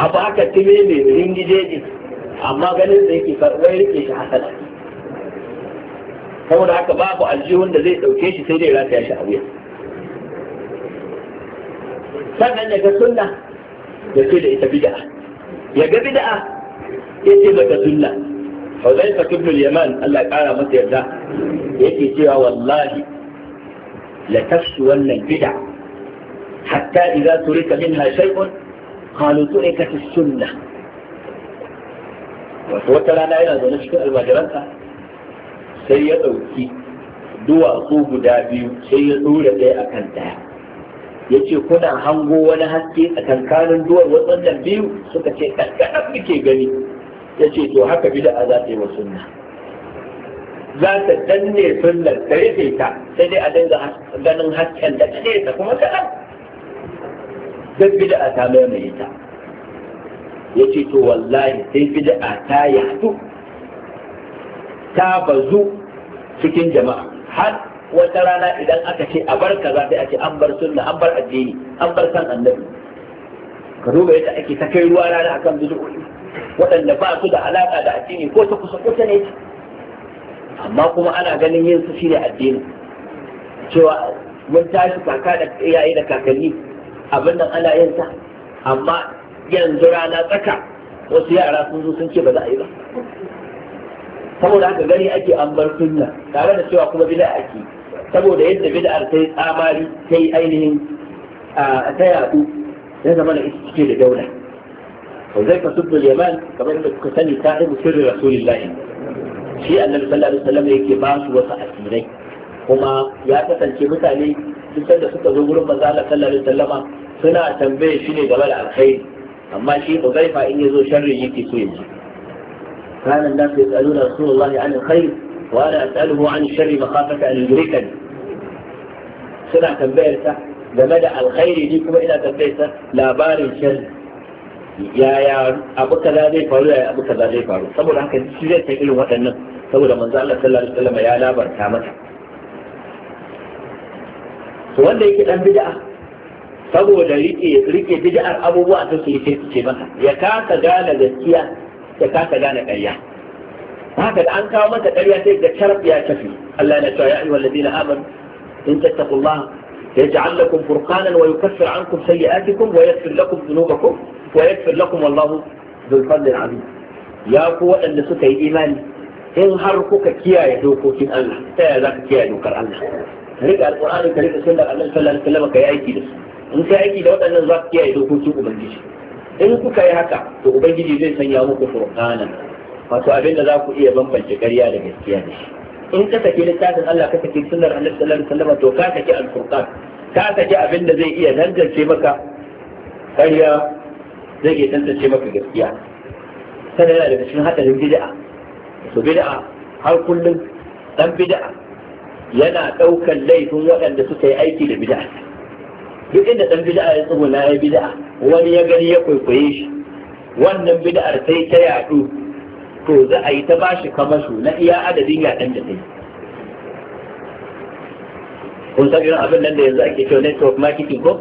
abu aka time ne ringije ne amma ganin da yake wai rike shi hasana saboda haka babu aljihun da zai dauke shi sai dai rataya shi a wuya sannan ya ga sunna ya ce da ita bid'a ya ga bid'a ya ce da sunna Huzaifa ibn al-Yaman Allah ya kara masa yarda yake cewa wallahi la tafsu wannan bid'a hatta idza turika minha shay'un qalu turika as-sunnah wato wata rana yana zaune cikin almajiransa sai ya ɗauki duwatsu guda biyu sai ya ɗora ɗaya a kan ɗaya yace kuna hango wani haske a tsakankanin duwar waɗannan biyu suka ce kankanan muke gani yace to haka bid'a za ta yi wa sunna za ta danne sunnar ta rufe ta sai dai a dinga ganin hasken da ta kuma kaɗan duk bid'a ta mamaye ta yace to wallahi sai bid'a ta yadu ta bazu cikin jama'a har wata rana idan aka ce a bar kaza sai a ce an bar sunna an bar addini an bar san annabi ka duba yadda ake ta kai ruwa rana akan bid'o'i waɗanda ba su da alaƙa da addini ko ta kusa kusa ne amma kuma ana ganin yin su shine addini cewa mun tashi kaka da iyaye da kakanni abin nan ana yin sa amma yanzu rana tsaka wasu yara sun zo sun ce ba za a yi ba saboda haka gani ake an bar sunna tare da cewa kuma bid'a ake saboda yadda bid'ar sai tsamari ta yi ainihin a ta yadu ya zama da ita cike da daula Huzaifa subbu Yaman kamar yadda kuka sani ta ibu sirri Rasulullahi shi Annabi sallallahu alaihi wasallam yake ba su wasu asirai kuma ya kasance mutane duk da suka zo gurin manzo Allah sallallahu alaihi wasallama suna tambaye shi ne game da alkhairi amma shi Huzaifa in yazo sharri yake so ya ji kana nan sai tsaluna Rasulullahi an alkhairi وانا اساله عن الشر مخافه ان يدركني سنة تنبيسة لمدى الخير يجيكم إلى تنبيسة لا بار الشر يا يا أبو كذا ذي فارو يا أبو كذا ذي فارو سبب لك سيرة تقول ما تنم سبب لما زال صلى الله عليه وسلم يا لا بارك كامات سؤال ليك أن بدأ سبب لريك لريك بدأ أبو بكر سيرة تقول ما يكاد تجعل ذكية يكاد تجعل كيان haka da an kawo mata ƙarya sai ga sharaf ya tafi Allah na cewa ya ayyuhal ladina amanu in tattaqullaha yaj'al lakum furqanan wa yukaffir ankum sayyi'atikum wa yaghfir lakum dhunubakum wa yaghfir lakum wallahu dhul fadlil azim ya ku waɗanda suka yi imani in har kuka kiyaye dokokin Allah ta yaya kiyaye dokar Allah ka rika alqur'ani ka rika ka yi aiki da su in ka aiki da waɗannan za ka kiyaye dokokin ubangiji in kuka yi haka to ubangiji zai sanya muku furqanan wato abin da za ku iya bambance ƙarya da gaskiya da shi in ka saki littafin Allah ka saki sunnar Annabi sallallahu alaihi wasallam to ka saki al-Qur'an ka saki abin da zai iya tantance maka ƙarya zai iya tantance maka gaskiya sannan yana daga cikin hadarin bid'a to bid'a har kullum dan bid'a yana ɗaukar laifin waɗanda suka yi aiki da bid'a duk inda ɗan bid'a ya tsuguna ya bid'a wani ya gani ya kwaikwaye shi wannan bid'ar sai ta yaɗu to za a yi ta bashi kamasho na iya adadin yaɗan da ta kun san irin abin nan da yanzu ake cewa network marketing ko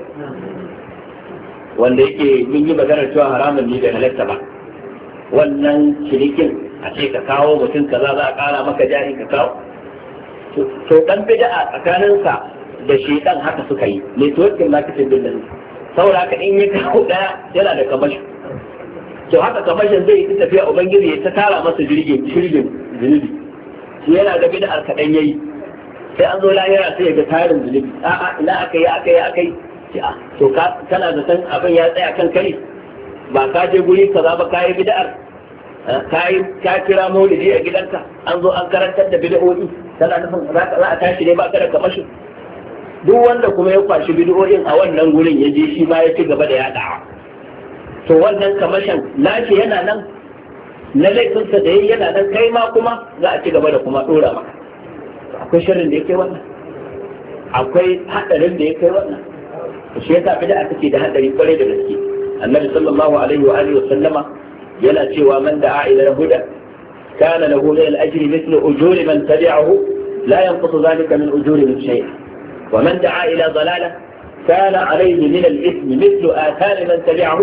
wanda yake mun yi magana cewa haramun ne da halatta ba wannan cinikin a ce ka kawo mutum kaza za a kara maka jari ka kawo to dan bid'a tsakaninsa da shi dan haka suka yi network marketing din nan saboda haka in ya kawo daya yana da kamashu. to haka kamar zai yi tafiya ubangiji ya ta tara masa jirgin jirgin zunubi shi yana ga bid'ar kaɗan yayi sai an zo lahira sai ya ga tarin zunubi a'a ina aka yi aka yi aka yi to kana da san abin ya tsaya kan kai ba ka je guri za ba ka yi bida'ar? Eh, ka kira maulidi a gidanka an zo an karantar da bid'o'i tana nufin za a tashi ne ba ka da kamashin duk wanda kuma ya kwashi bid'o'in a wannan gurin ya je shi ma ya ci gaba da yaɗawa to wannan kamashin lafi yana nan na laifinsa da yayi yana nan kai ma kuma za a ci gaba da kuma dora ma akwai shirin da yake wannan akwai hadarin da yake wannan shi yasa bid'a take da hadari kware da gaske annabi sallallahu alaihi wa alihi wa sallama yana cewa man da'a ila huda كان له من الأجر مثل أجور من تبعه لا ينقص min من أجور من شيء ومن دعا إلى ضلالة كان عليه من الإثم مثل آثار من تبعه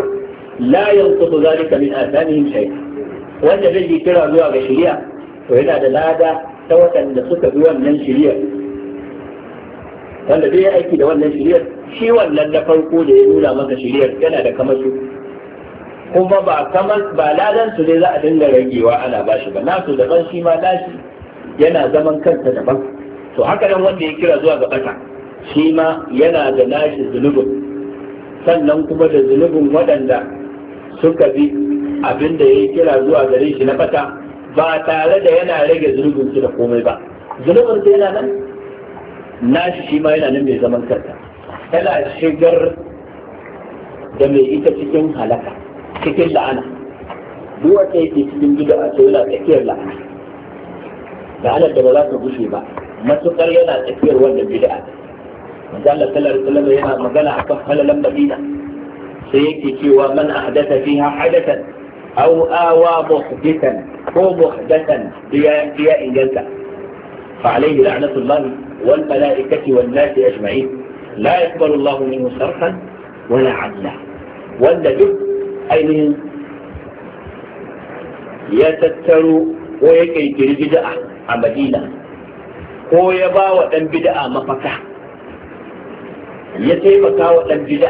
la yanqutu zalika min athanihim shay wanda zai yi kira zuwa ga shari'a to yana da lada ta waɗanda suka bi wannan shari'ar wanda zai yi aiki da wannan shari'ar shi wannan na farko da ya nuna maka shari'ar yana da kamar su kuma ba kamar ba ladan su ne za a dinga ragewa ana bashi ba Na su daban shi ma lashi yana zaman kansa daban to haka nan wanda ya kira zuwa ga bata shi ma yana da nashi zunubin sannan kuma da zunubin waɗanda suka bi abin da ya kira zuwa gare shi na bata ba tare da yana rage zunubin su da komai ba zunubin su yana nan nashi shi ma yana nan mai zaman kanta yana shigar da mai ita cikin halaka cikin la'ana duk ta yake cikin gida a yana tsakiyar la'ana la'anar da ba za ta gushe ba matukar yana tsakiyar wannan bid'a manzo Allah sallallahu alaihi wasallam yana magana akan halalan Madina الصيد سوى من أحدث فيها حدثا أو آوى محدثا هو محدثا في في إنجلتا فعليه لعنة الله والملائكة والناس أجمعين لا يقبل الله منه صرفا ولا عدلا والنجم أي من يتتر ويكيتر بدعة عمدينة هو يباوى بدعة مفكة يتيبكا وتنبدأ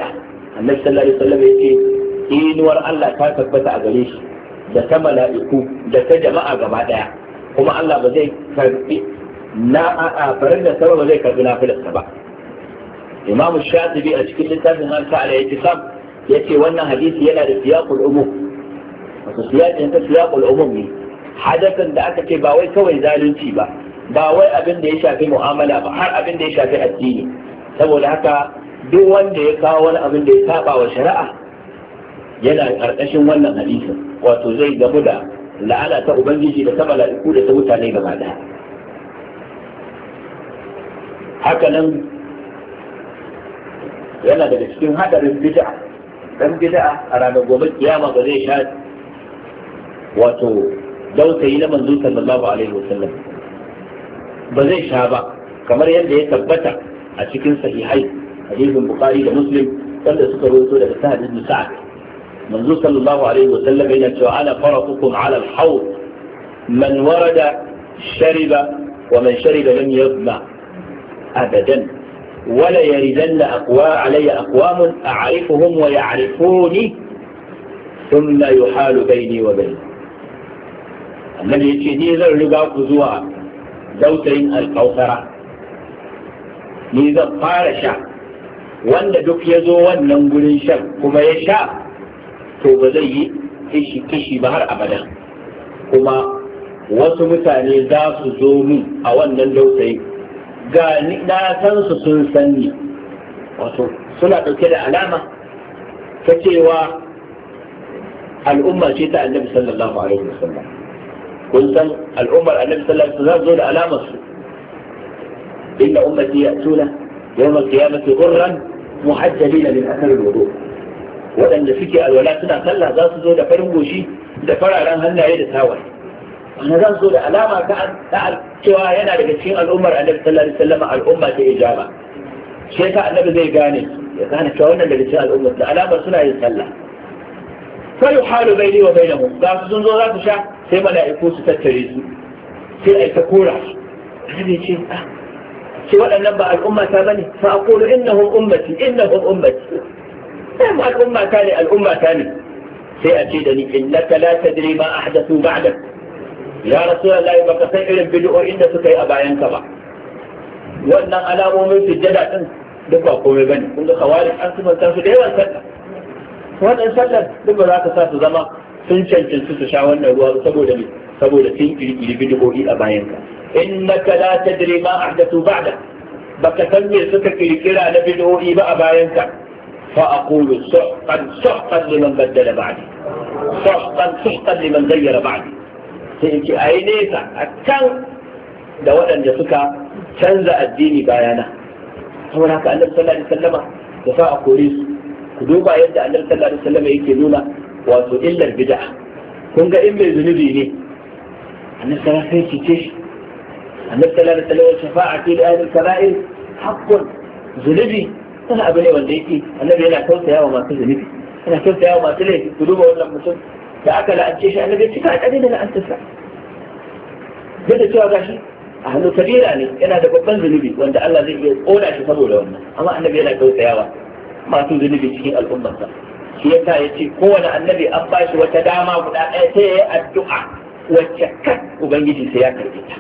annabi sallallahu alaihi wasallam yace inuwar Allah ta tabbata a gare shi da ta mala'iku da ta jama'a gaba daya kuma Allah ba zai karbi na farin da sama ba zai karbi nafilarsa ba Imam shatibi a cikin littafin hanta ala yatisab yace wannan hadisi yana da siyaqul umum wato siyaqin ta siyaqul umum ne hadasan da aka ce ba wai kawai zalunci ba ba wai abin da ya shafi mu'amala ba har abin da ya shafi addini saboda haka duk wanda ya kawo wani abin da ya saba wa shari'a yana karkashin wannan hadisi wato zai gamu da la'ana ta ubangiji da ta mala'iku da ta mutane gaba da haka nan yana daga cikin hadarin bid'a dan bid'a a ranar gobe kiyama ba zai sha wato dausayi na manzo sallallahu alaihi wasallam ba zai sha ba kamar yadda ya tabbata a cikin sahihai حديث البخاري ومسلم قد ذكروا سورة سهل بن سعد من صلى الله عليه وسلم إن تعالى فرطكم على الحوض من ورد شرب ومن شرب لم يظمع أبدا ولا يردن أقوى علي أقوام أعرفهم ويعرفوني ثم يحال بيني وبينهم النبي يتشهدين ذر لقاء قزوة دوتين القوفرة لذا قارشة wanda duk ya zo wannan gurin shan kuma ya sha to ba zai yi kishi kishi ba har abada kuma wasu mutane za su zo min a wannan dausayi ga na san su sun san wato suna ɗauke da alama ta cewa al'umma ce ta annabi sallallahu alaihi wasallam kun san al'ummar annabi sallallahu alaihi wasallam za su zo da alamar su inna ummati ya'tuna yawm al-qiyamati ghurran muhajjalina lil asr al wudu waɗanda suke alwala suna sallah za su zo da farin goshi da fararen hannaye da tawaye ana za su zo da alama ta cewa yana daga cikin al'ummar annabi sallallahu alaihi wasallam al'umma ta ijaba sai ta annabi zai gane ya gane cewa wannan daga cikin al'ummar da alamar suna yin sallah fa yuhalu baini wa bainahum za su sun zo za su sha sai mala'iku su tattare su sai ai ta kora su ce ah ce waɗannan ba al'ummata ba ne. fa aqulu innahum ummati innahum ummati sai mu al'umma ne al'umma ne sai a ce da ni innaka la tadri ma ahdathu ba'dak ya rasulullahi baka san irin bid'o'in da suka yi a bayan ka ba wannan alamomin sujjada din duk ba komai bane kun ga khawarij an sumanta su da yawan sallah wannan sallar duk ba za ka sa su zama sun cancanci su sha wannan ruwa saboda me saboda sun kirkiri bid'o'i a bayanka innaka la tadri ma ahdathu ba'da baka san me suka kirkira na bid'o'i ba a bayanka fa aqulu suhqan suhqan liman baddala ba'di suhqan suhqan liman ghayyara ba'di sai ki ai nesa a can da waɗanda suka canza addini bayana saboda haka annabi sallallahu alaihi wasallama da fa a kore su ku duba yadda annabi sallallahu alaihi wasallama yake nuna wato illar bid'a kun ga in mai zunubi ne النبي صلى الله ta وسلم النبي صلى الله عليه وسلم والشفاعة في zunubi. Tana حق ne wanda أبني والديكي النبي أنا كنت يا وما ذنبي أنا كنت masu laifi, تلي duba wannan mutum. da aka la'ance shi annabi ce kai kadai da la'anta duk da cewa gashi a hannu kabira ne yana da babban zunubi wanda Allah zai iya ƙona shi saboda wannan amma annabi yana tausayawa masu zunubi cikin al'ummarsa shi yasa ce kowane annabi an ba shi wata dama guda ɗaya sai ya addu'a wacce kan ubangiji sai ya karbe ta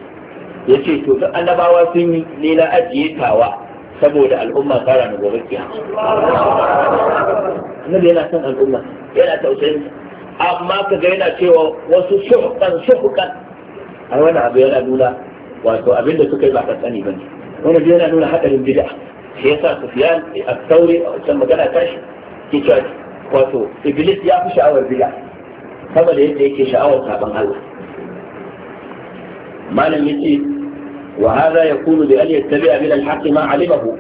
ya ce to duk annabawa sun yi ne na ajiye tawa saboda al'umma kara na gobe kiyama annabi yana son al'umma yana tausayin amma kaga yana cewa wasu shuhukan shuhukan ai wannan abu yana nuna wato abin da suka yi ba ka sani bane wannan yana nuna hadarin bid'a shi yasa Sufyan a sauri a wancan magana tashi ke cewa wato Iblis ya fi sha'awar bid'a sama da yadda yake sha'awar sabon Allah malam yace wa hadha yakunu bi an yattabi'a min al-haqqi ma 'alimahu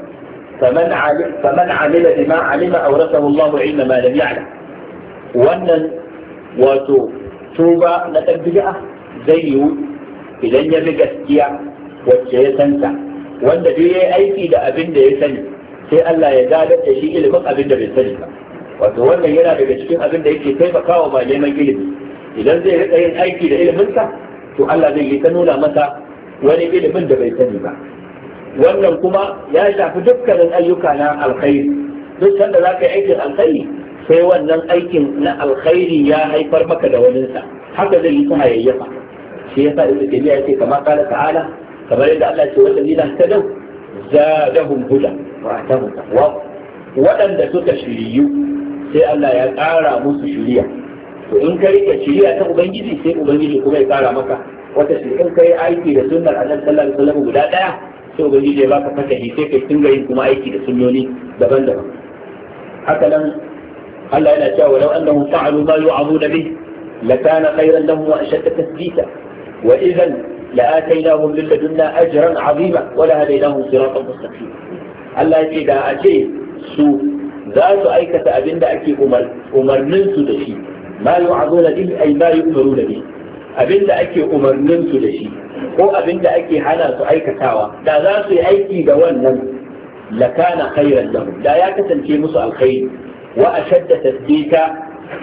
faman 'alim faman 'amila bima 'alima awrathahu Allah 'ilma ma lam ya'lam wannan wato tuba na tabbi'a zai yiwu idan ya bi gaskiya wacce ya santa wanda duk yayi aiki da abin da ya sani sai Allah ya gadar da shi ilimin abin da bai sani ba wato wannan yana daga cikin abin da yake taimakawa ba neman ilimi idan zai rika yin aiki da iliminsa to Allah zai yi ta nuna masa wani ilimin da bai sani ba wannan kuma ya shafi dukkanin ayyuka na alkhairi duk sanda za ka yi aikin alkhairi sai wannan aikin na alkhairi ya haifar maka da waninsa haka zai yi ta hayayyafa shi yasa ibnu taymiya yace kamar qala ta'ala kamar yadda Allah ya ce wallazina tadaw zadahum huda wa atahum taqwa waɗanda suka shiriyu sai Allah ya ƙara musu shiriya to in ka rike shiriya ta ubangiji sai ubangiji kuma ya ƙara maka wata shi in kai aiki da sunnar annabi sallallahu alaihi wasallam guda ɗaya sai ubangiji ya baka fatahi sai kai dinga yin kuma aiki da sunnoni daban-daban haka nan Allah yana cewa walau annahum fa'alu ma yu'azuna bihi لكان خيرا لهم واشد تثبيتا واذا لاتيناهم من لدنا اجرا عظيما ولهديناهم Allah مستقيما الله da a ce. su za su aikata abin da ake umarnin su da shi ma yu'azuna bihi ay ma da bihi abin da ake umarnin su da shi ko abin da ake hana su aikatawa da za su yi aiki da wannan lakana khairan lahum da ya kasance musu alkhairi wa ashadda tasdika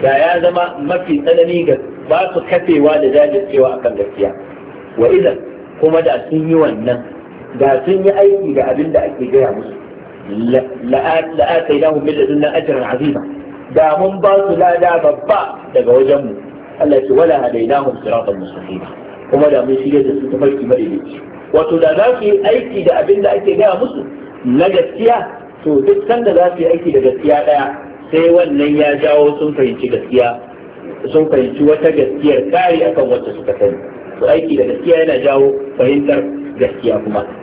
da ya zama mafi tsanani ga ba su kafewa da jajircewa akan gaskiya wa idan kuma da sun yi wannan da sun yi aiki da abin da ake gaya musu na la'atainahum min ladunna ajran azima da mun ba su lada babba daga wajenmu. Allah ya ce wala hadainahum siratan mustaqima kuma da mun shirya da su ta tafarki madaidaici wato da za su yi aiki da abin da ake gaya musu na gaskiya to duk sanda za su yi aiki da gaskiya daya sai wannan ya jawo sun fahimci gaskiya sun fahimci wata gaskiyar kare akan wacce suka sani to aiki da gaskiya yana jawo fahimtar gaskiya kuma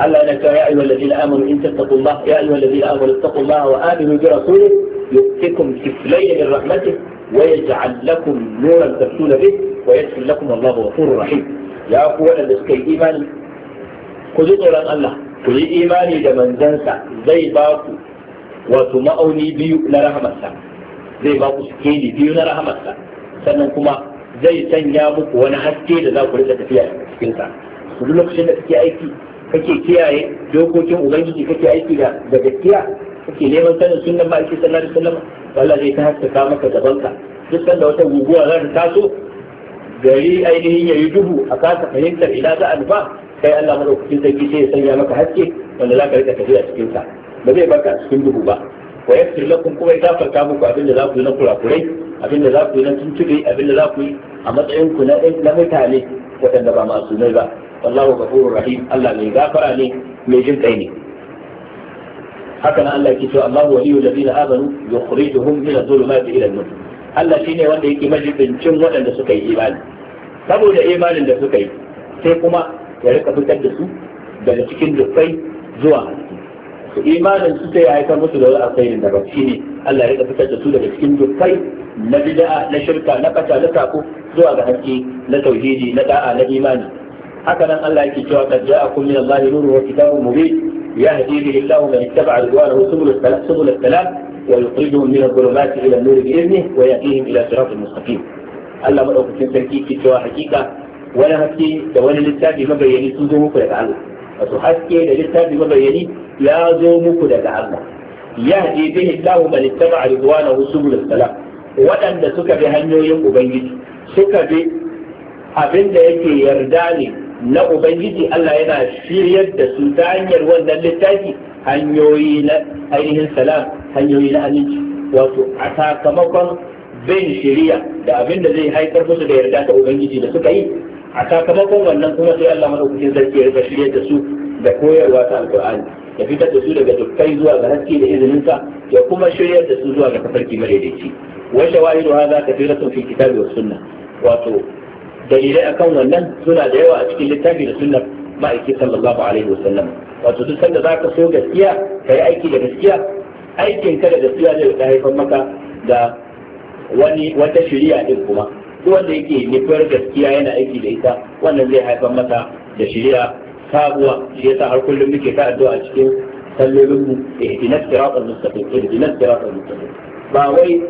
الا انك يا ايها الذين امنوا ان تتقوا الله يا ايها الذين امنوا اتقوا الله وامنوا برسوله يؤتكم كفلين من رحمته ويجعل لكم نورا تبتون به ويدخل لكم الله غفور رحيم يا اخوانا لسكي ايماني كذي طولا الله كذي ايماني لمن دنسى زي باكو وتمأوني بيو لرحمتك زي باكو سكيني بيو لرحمتك سنن كما زي سنيامك ونهتي لذاكو لسكي فيها سكينتا كل لقشنا في اي kake kiyaye dokokin ubangiji kake aiki da gaskiya kake neman sanin sunan ma sallallahu alaihi wasallam Allah zai ta haskaka maka ka? duk sanda wata guguwa za ta taso gari ainihin yayi duhu a kasa fahimtar ina za a nufa kai Allah madaukakin sarki sai ya sanya maka haske wanda za ka rika tafiya cikin sa ba zai barka cikin duhu ba wa yaghfir lakum kuma ya gafarta muku abin da za ku yi na kurakurai abin da za ku yi na tuntube abin da za ku yi a matsayin ku na mutane waɗanda ba masu ba wallahu ghafurur rahim Allah mai gafara ne mai jin ne haka nan Allah yake cewa Allahu waliyyu alladhina amanu yukhrijuhum min adh-dhulumati ila an-nur Allah shine wanda yake majibincin waɗanda suka yi imani saboda imanin da suka yi sai kuma ya rika fitar da su daga cikin dukkai zuwa imanin su sai haifar musu da wani alkhairin da shi ne Allah ya fitar da su daga cikin dukkai na bid'a na shirka na kata na sako zuwa ga haske na tauhidi na ɗa'a, na imani haka nan Allah yake cewa qad ja'akum min Allahi nurun wa kitabun mubin يهدي به الله من اتبع رضوانه سبل سبل السلام ويخرجهم من الظلمات الى النور باذنه وياتيهم ila صراط المستقيم. الله madaukakin sarki ke cewa hakika wani haske da wani littafi mabayyani sun zo muku daga Allah. Wato haske da littafi mabayyani ya zo muku daga Allah. Yahdi bihi Allah man ittaba ridwanahu subul salam. Waɗanda suka bi hanyoyin Ubangiji suka bi abin da yake yarda ne na ubangiji Allah yana shiryar da su ta hanyar wannan littafi hanyoyi na ainihin salam hanyoyi na aminci wato a sakamakon bin shiriya da abin da zai haifar musu da yarda ta ubangiji da suka yi a sakamakon wannan kuma sai Allah madaukakin sarki ya rika shiryar da su da koyarwa ta alqur'ani ya fitar da su daga dukkai zuwa ga haske da izininsa ya kuma shiryar da su zuwa ga tafarki madaidaici wa shawahidu hadha kathiratun fi kitabi wa sunnah wato dalilai akan wannan suna da yawa a cikin littafi da sunnar ma'aiki sallallahu alaihi wa sallam wato duk sanda ka so gaskiya ka yi aiki da gaskiya aikin ka da gaskiya zai ka haifar maka da wani wata shari'a din kuma duk wanda yake nufar gaskiya yana aiki da ita wannan zai haifar mata da shari'a sabuwa shi yasa har kullum muke ta addu'a cikin sallolin ihdinas siratal mustaqim ihdinas siratal mustaqim ba wai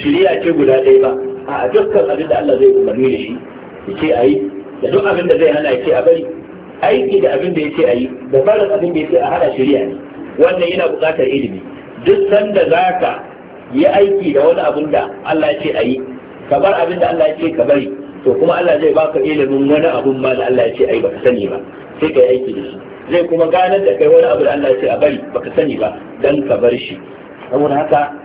shari'a ce guda ɗaya ba a dukkan abin da Allah zai umarni da shi ya ce a yi da duk abin da zai hana ya ce a bari aiki da abin da ya ce a yi da farin abin da ya ce a hada shari'a ne wannan yana buƙatar ilimi duk sanda za ka yi aiki da wani abin da Allah ya ce a yi ka bar abin da Allah ya ce ka bari to kuma Allah zai baka ilimin wani abin ma da Allah ya ce a yi baka sani ba sai ka yi aiki da shi zai kuma ganar da kai wani abu da Allah ya ce a bari baka sani ba dan ka bar shi saboda haka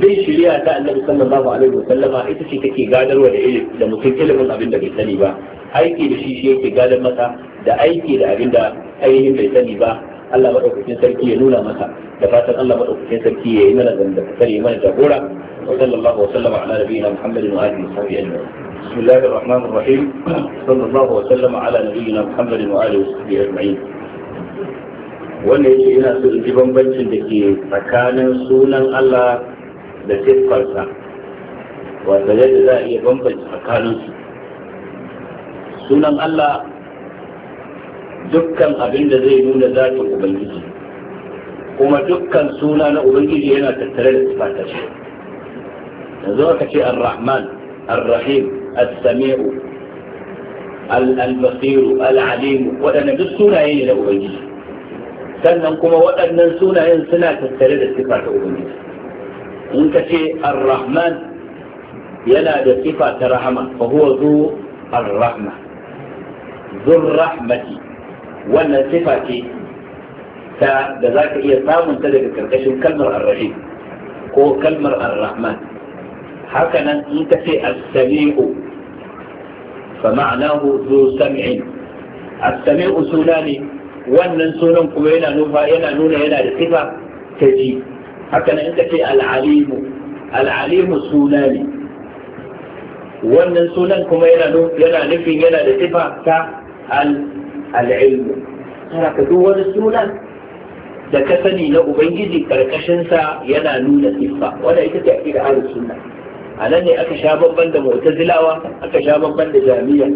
bin shirya ta annabi sallallahu alaihi wasallama ita ce take gadarwa da ilimi da mutum ilimin abin da bai sani ba aiki da shi shi yake gadar masa da aiki da abin da ainihin bai sani ba Allah madaukakin sarki ya nuna masa da fatan Allah madaukakin sarki ya yi mana zanda sare mana jagora wa sallallahu wa sallama ala nabiyina Muhammadin wa alihi wa بسم الله الرحمن الرحيم صلى الله وسلم على نبينا محمد وآله وصحبه أجمعين wannan yake ina so in ji bambancin da ke tsakanin sunan da siffarsa wanda yadda za a iya bambance tsakaninsu sunan Allah dukkan abin da zai nuna zatin Ubangiji kuma dukkan suna na Ubangiji yana tattare da sifata da yanzu ka ce ar-Rahman ar-Rahim as-Sami'u al-Basiru al-Alim waɗannan duk sunaye ne na Ubangiji sannan kuma waɗannan sunayen suna tattare da sifata Ubangiji in ka ce ar yana da sifa ta rahama fa huwa zu ar-rahma zur rahmati wannan sifa ce ta da za ka iya samun ta daga karkashin kalmar ar ko kalmar ar-rahman haka nan in ka ce as-sami'u fa ma'anahu zu sam'in as-sami'u suna wannan sunan kuma yana nufa yana nuna yana da sifa ta ji haka nan ka ce al'alimu al'alimu suna ne wannan sunan kuma yana nufin yana da tifa ta al'ilmu haka duk wani sunan da ka sani na ubangiji karkashinsa yana nuna siffa wanda ita ce aqida ahlus sunna a nan ne aka sha babban da mu'tazilawa aka sha babban da jami'a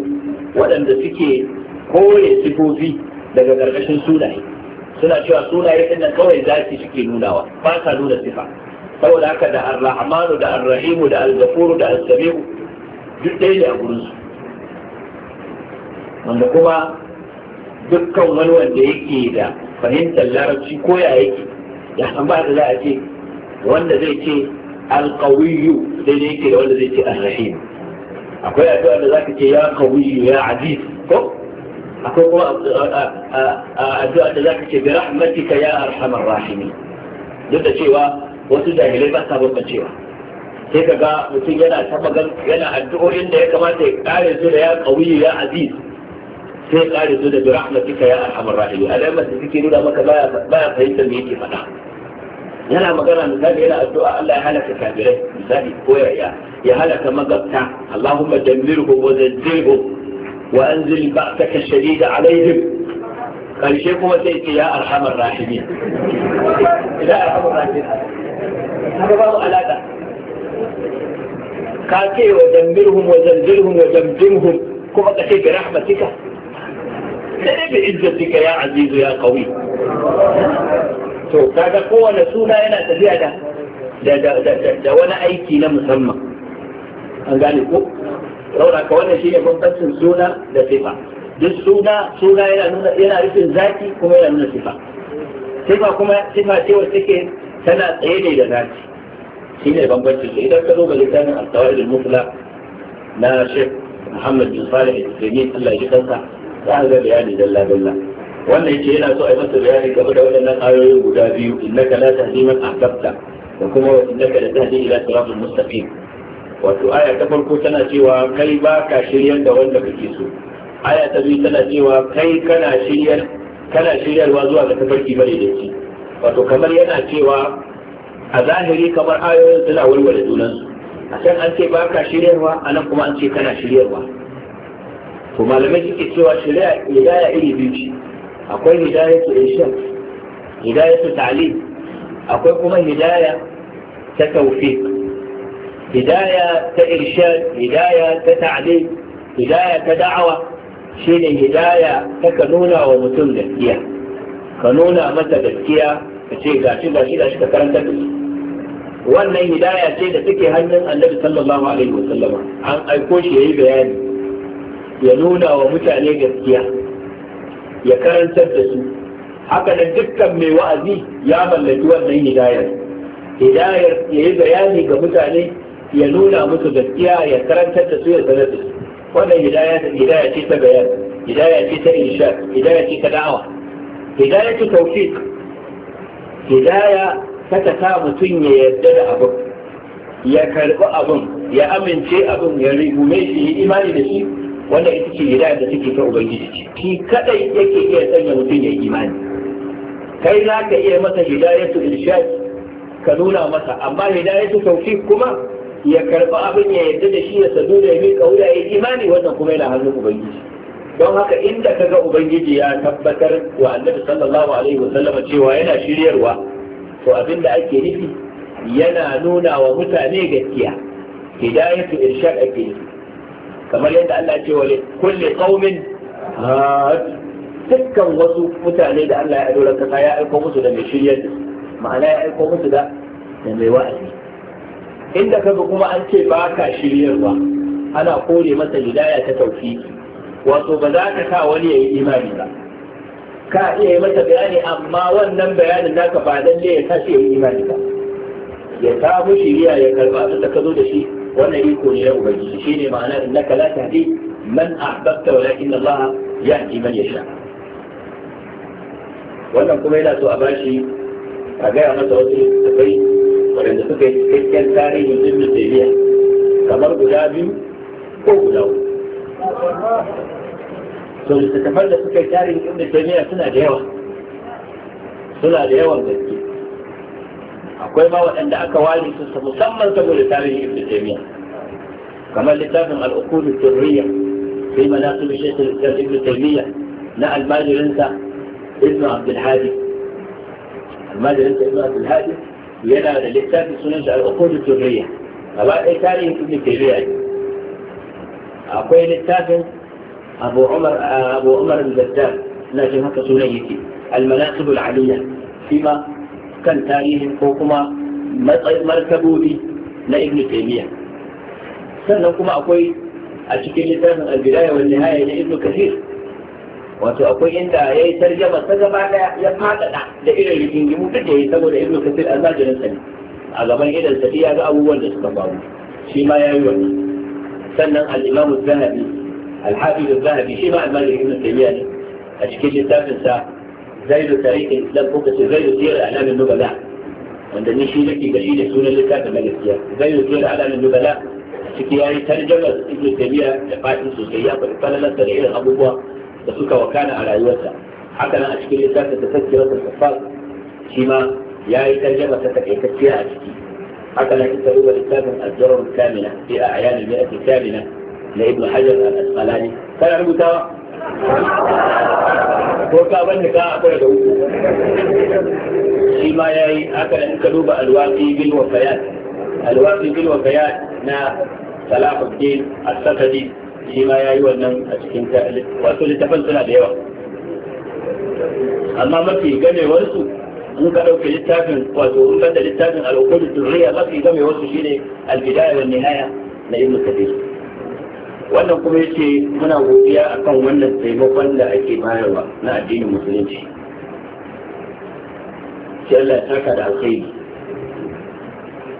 waɗanda suke koye sifofi daga karkashin sunaye suna cewa sunaye din nan kawai zaki suke nunawa ba sa nuna sifa saboda haka da ar da ar-rahimu da al zafuru da al-samiu duk ɗaya ne a wanda kuma dukkan wani wanda yake da fahimtar larabci ko ya yake ya san ba da za a ce wanda zai ce alkawiyu qawiyyu sai ne yake da wanda zai ce an Rahimu. akwai addu'a da ka ce ya kawiyu ya aziz ko akwai kuma addu'a da za ka ce bi rahmatika ya arhamar rahimi duk da cewa wasu jahilai ba sa bambancewa sai ka ga mutum yana ta magan yana addu'o'in da ya kamata ya kare su da ya kawiyu ya aziz sai kare su da bi rahmatika ya arhamar rahimi alamar da suke nuna maka baya fahimtar me yake faɗa yana magana misali yana addu'a Allah ya halaka kafirai misali ko ya ya halaka magabta Allahumma dammirhu wa zazzilhu وأنزل بعثك الشديد عليهم هو سيدي يا أرحم الراحمين يا أرحم الراحمين هذا بعض قال كاكي ودمرهم وزلزلهم ودمدمهم كما تكي برحمتك لأنه بعزتك يا عزيز يا قوي ده ده ده ده ده ده ده ده ده ده ده ده ده ده ده saboda ka wannan shine bambancin suna da sifa duk suna suna yana nuna yana zaki kuma yana nuna sifa sifa kuma sifa ce wacce take tana tsaye ne da zaki shine bambancin su idan ka zo ga littafin al-qawaid al-mufla na Sheikh Muhammad bin Salih al-Uthaymeen Allah ya kansa za ga bayani dalla dalla wannan ce yana so a yi masa bayani game da waɗannan ayoyi guda biyu innaka la tahdi man ahbabta da kuma innaka la tahdi ila siratal mustaqim wato aya ta farko tana cewa kai ba ka shiryar da wanda kake so aya ta biyu tana cewa kai kana shiryar kana shiryarwa zuwa ga tafarki madaidaici wato kamar yana cewa a zahiri kamar ayoyin suna walwale junansu a can an ce ba ka shiryarwa a nan kuma an ce kana shiryarwa to malamai suke cewa shirya hidaya iri biyu ce akwai hidaya su irshad hidaya su ta'lim akwai kuma hidaya ta tawfiq hidaya ta هداية hidaya ta كدعوة hidaya ta كنونة shine hidaya كنونة nuna wa mutum gaskiya ka nuna mata gaskiya ka ce gashi gashi gashi ka karanta da su wannan hidaya ce da take hannun annabi sallallahu alaihi wasallama an aiko shi bayani ya ya karantar da su haka nan dukkan mai wa'azi ya mallaki wannan hidayar hidayar ya yi bayani ga mutane ya nuna musu gaskiya ya karanta da su ya sanar da su wannan hidaya ce ta bayan hidaya ce ta insha hidaya ce ta da'awa hidaya ce tawfiq hidaya ta ta sa mutum ya yarda da abin ya karbi abin ya amince abin ya rigume shi ya imani da shi wannan ita ce hidaya da take ta ubangiji shi kadai yake iya sanya mutum ya imani kai za ka iya masa hidayatu irshad ka nuna masa amma hidayatu tawfiq kuma ya karɓi abin ya yarda da shi ya sadu da ya miƙa wuya ya imani wannan kuma yana hannun ubangiji don haka inda kaga ubangiji ya tabbatar wa annabi sallallahu alaihi wa sallama cewa yana shiryarwa to abin da ake nufi yana nuna wa mutane gaskiya hidayatu irshad ake nufi kamar yadda Allah ce wa kulli qaumin dukkan wasu mutane da Allah ya aiko kasa ya aiko musu da mai shiryar ma'ana ya aiko musu da mai wa'azi inda kaga kuma an ce ba ka shiryarwa ana kore masa hidaya ta tauhidi wato ba za ka sa wani ya yi imani ba ka iya yi masa bayani amma wannan bayanin naka ba lalle ya tashi ya yi imani ba ya samu shiriya ya karba su da ka zo da shi wannan iko ne na ubangiji shine ma'ana innaka la tahdi man ahbabta walakin Allah yahdi man yasha wannan kuma yana so a bashi a gaya masa wasu akwai waɗanda suka yi cikakken tarihin ibn taymiya kamar guda biyu ko guda uku to littattafan da suka yi tarihin ibn taymiya suna da yawa suna da yawan gaske akwai ma waɗanda aka ware su musamman saboda tarihin ibn taymiya kamar littafin al-uqud al-turriya fi manaqib shaykh al-islam ibn na almajirinsa ibn abdul almajirinsa ibn abdul yana da littafin sunan da al-uqud turriya gaba ɗaya tarihin ibn taymiya ne akwai littafin abu umar abu umar al-zaddad ina jin haka sunan yake al-manaqib al-aliyya fima kan tarihin ko kuma matsayin martabobi na ibn taymiya sannan kuma akwai a cikin littafin al-bidaya wal nihaya na ibn kathir wato akwai inda ya yi tarjama ta gaba daya ya fadada da irin rikingimu duk da ya saboda ibnu kasir azajirin sani a gaban idan sa ya ga abubuwan da suka faru shi ma ya yi wannan sannan al-imam az-zahabi al-hafiz az-zahabi shi ma al-malik ibn taymiya ne a cikin littafin sa zaidu tariqin islam ko kace zaidu siyar alamin nubala wanda ni shi nake gashi da sunan littafin na gaskiya zaidu siyar alamin nubala ciki ya yi tarjamar ibn taymiya da fadin sosai ya faɗi falalar da irin abubuwa da suka wakana a rayuwarsa haka nan a cikin littafin da tafsirar al-huffaz shi ma yayi tarjama ta takaitacciya a ciki haka nan in ka duba littafin al-jarar kamila fi a'yan al-mi'at kamila na ibn hajar al-asqalani kana rubutawa ko ka banda ka akwai da uku shi ma yayi haka nan in ka duba al-waqi bil wafayat al-waqi bil wafayat na صلاح الدين السكدي shi ma ya yi wannan a cikin wato littafan suna da yawa amma mafi gamewarsu in ka ɗauke littafin wato in banda littafin al'ukuri turriya mafi gamewarsu shine albidaya da nihaya na yin mutane. wannan kuma ya ce muna godiya akan wannan taimakon da ake bayarwa na addinin musulunci sai Allah ya taka da alkhairi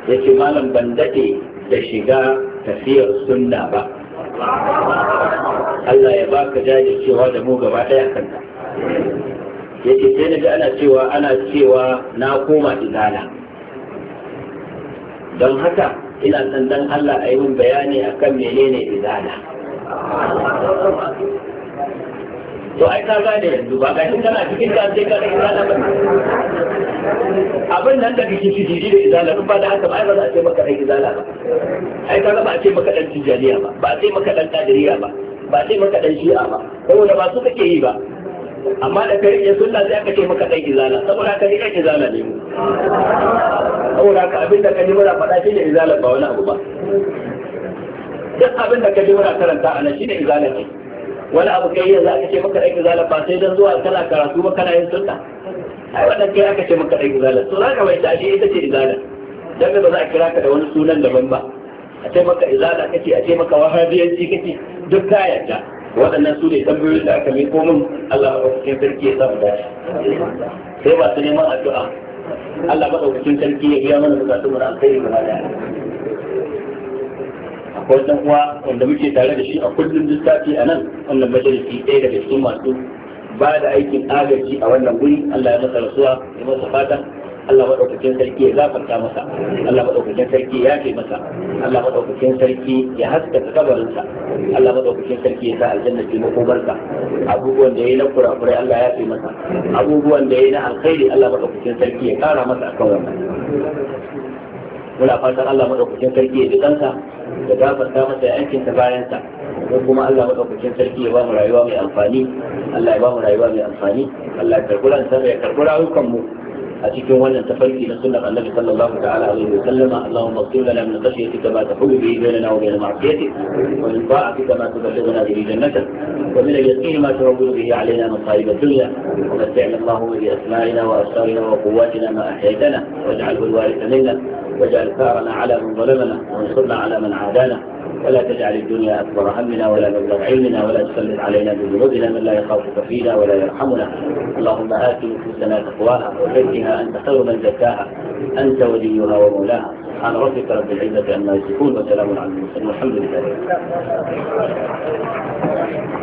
ce malam ban daɗe da shiga tafiyar sunna ba Allah ya baka jajircewa da mu gaba ɗaya kanta ya ce sai naji ana cewa ana cewa na koma izala don haka ina son Allah a yi min bayani akan menene izala to ai ka gane yanzu ba ga kana cikin ta sai ka ga izala ba abin nan da kike ciki da izala ba da haka ai ba za a ce maka dan izala ba ai ka ga ba a ce maka dan tijaniya ba ba a ce maka dan kadiriya ba ba a ce maka dan shi'a ba saboda ba su kake yi ba amma da kai ya sunna sai aka ce maka dan izala saboda ka yi kai izala ne mu saboda ka abin da ka ji muna faɗa shi ne izala ba wani abu ba duk abin da ka ji muna karanta a nan shi ne izala ne wani abu kai yanzu aka ce maka ɗan izala ba sai don zuwa kana karatu ba kana yin sunna ai wannan kai aka ce maka ɗan izala to zaka bai tashi ita ce izala dan ba za a kira ka da wani sunan daban ba a ce maka izala kace a ce maka wahabiyanci kace duk ka yarda waɗannan su ne tambayoyin da aka ko min Allah maɗaukakin sarki ya samu dace sai su neman addu'a Allah maɗaukakin sarki ya biya mana bukatun mu na alkhairi gaba da akwai dan uwa wanda muke tare da shi a kullum duk sati a nan wannan majalisi ɗaya daga cikin masu ba da aikin agaji a wannan guri Allah ya masa rasuwa ya masa fata Allah maɗaukakin sarki ya zafarta masa Allah maɗaukakin sarki ya ce masa Allah maɗaukakin sarki ya haskaka kabarinsa Allah maɗaukakin sarki ya sa aljanna ce makobarsa abubuwan da ya yi na kurakurai Allah ya ce masa abubuwan da ya yi na alkhairi Allah maɗaukakin sarki ya kara masa akan wannan muna fatan Allah maɗaukakin sarki ya ji kansa da gafarta masa ya aikin ta bayan sa don kuma Allah madaukakin sarki ya ba mu rayuwa mai amfani Allah ya ba mu rayuwa mai amfani Allah ya karɓi ransa ya karɓi rayukan mu أتيكم ولا إلى سنة النبي صلى الله تعالى عليه وسلم اللهم اغفر لنا من خشيتك ما تحول به بيننا وبين معصيتك ومن طاعتك ما تبلغنا به جنتك ومن اليقين ما تهون به علينا مصائب الدنيا ومتعنا اللهم بأسمائنا وأسرارنا وقواتنا ما أحييتنا واجعله الوارث منا واجعل ثارنا على من ظلمنا وانصرنا على من عادانا ولا تجعل الدنيا أكبر همنا ولا مبلغ علمنا ولا تسلط علينا بذنوبنا من لا يخافك فينا ولا يرحمنا اللهم آت نفوسنا تقواها وزكها أنت خير من زكاها أنت وليها ومولاها سبحان ربك رب العزة عما يصفون وسلام على المرسلين والحمد لله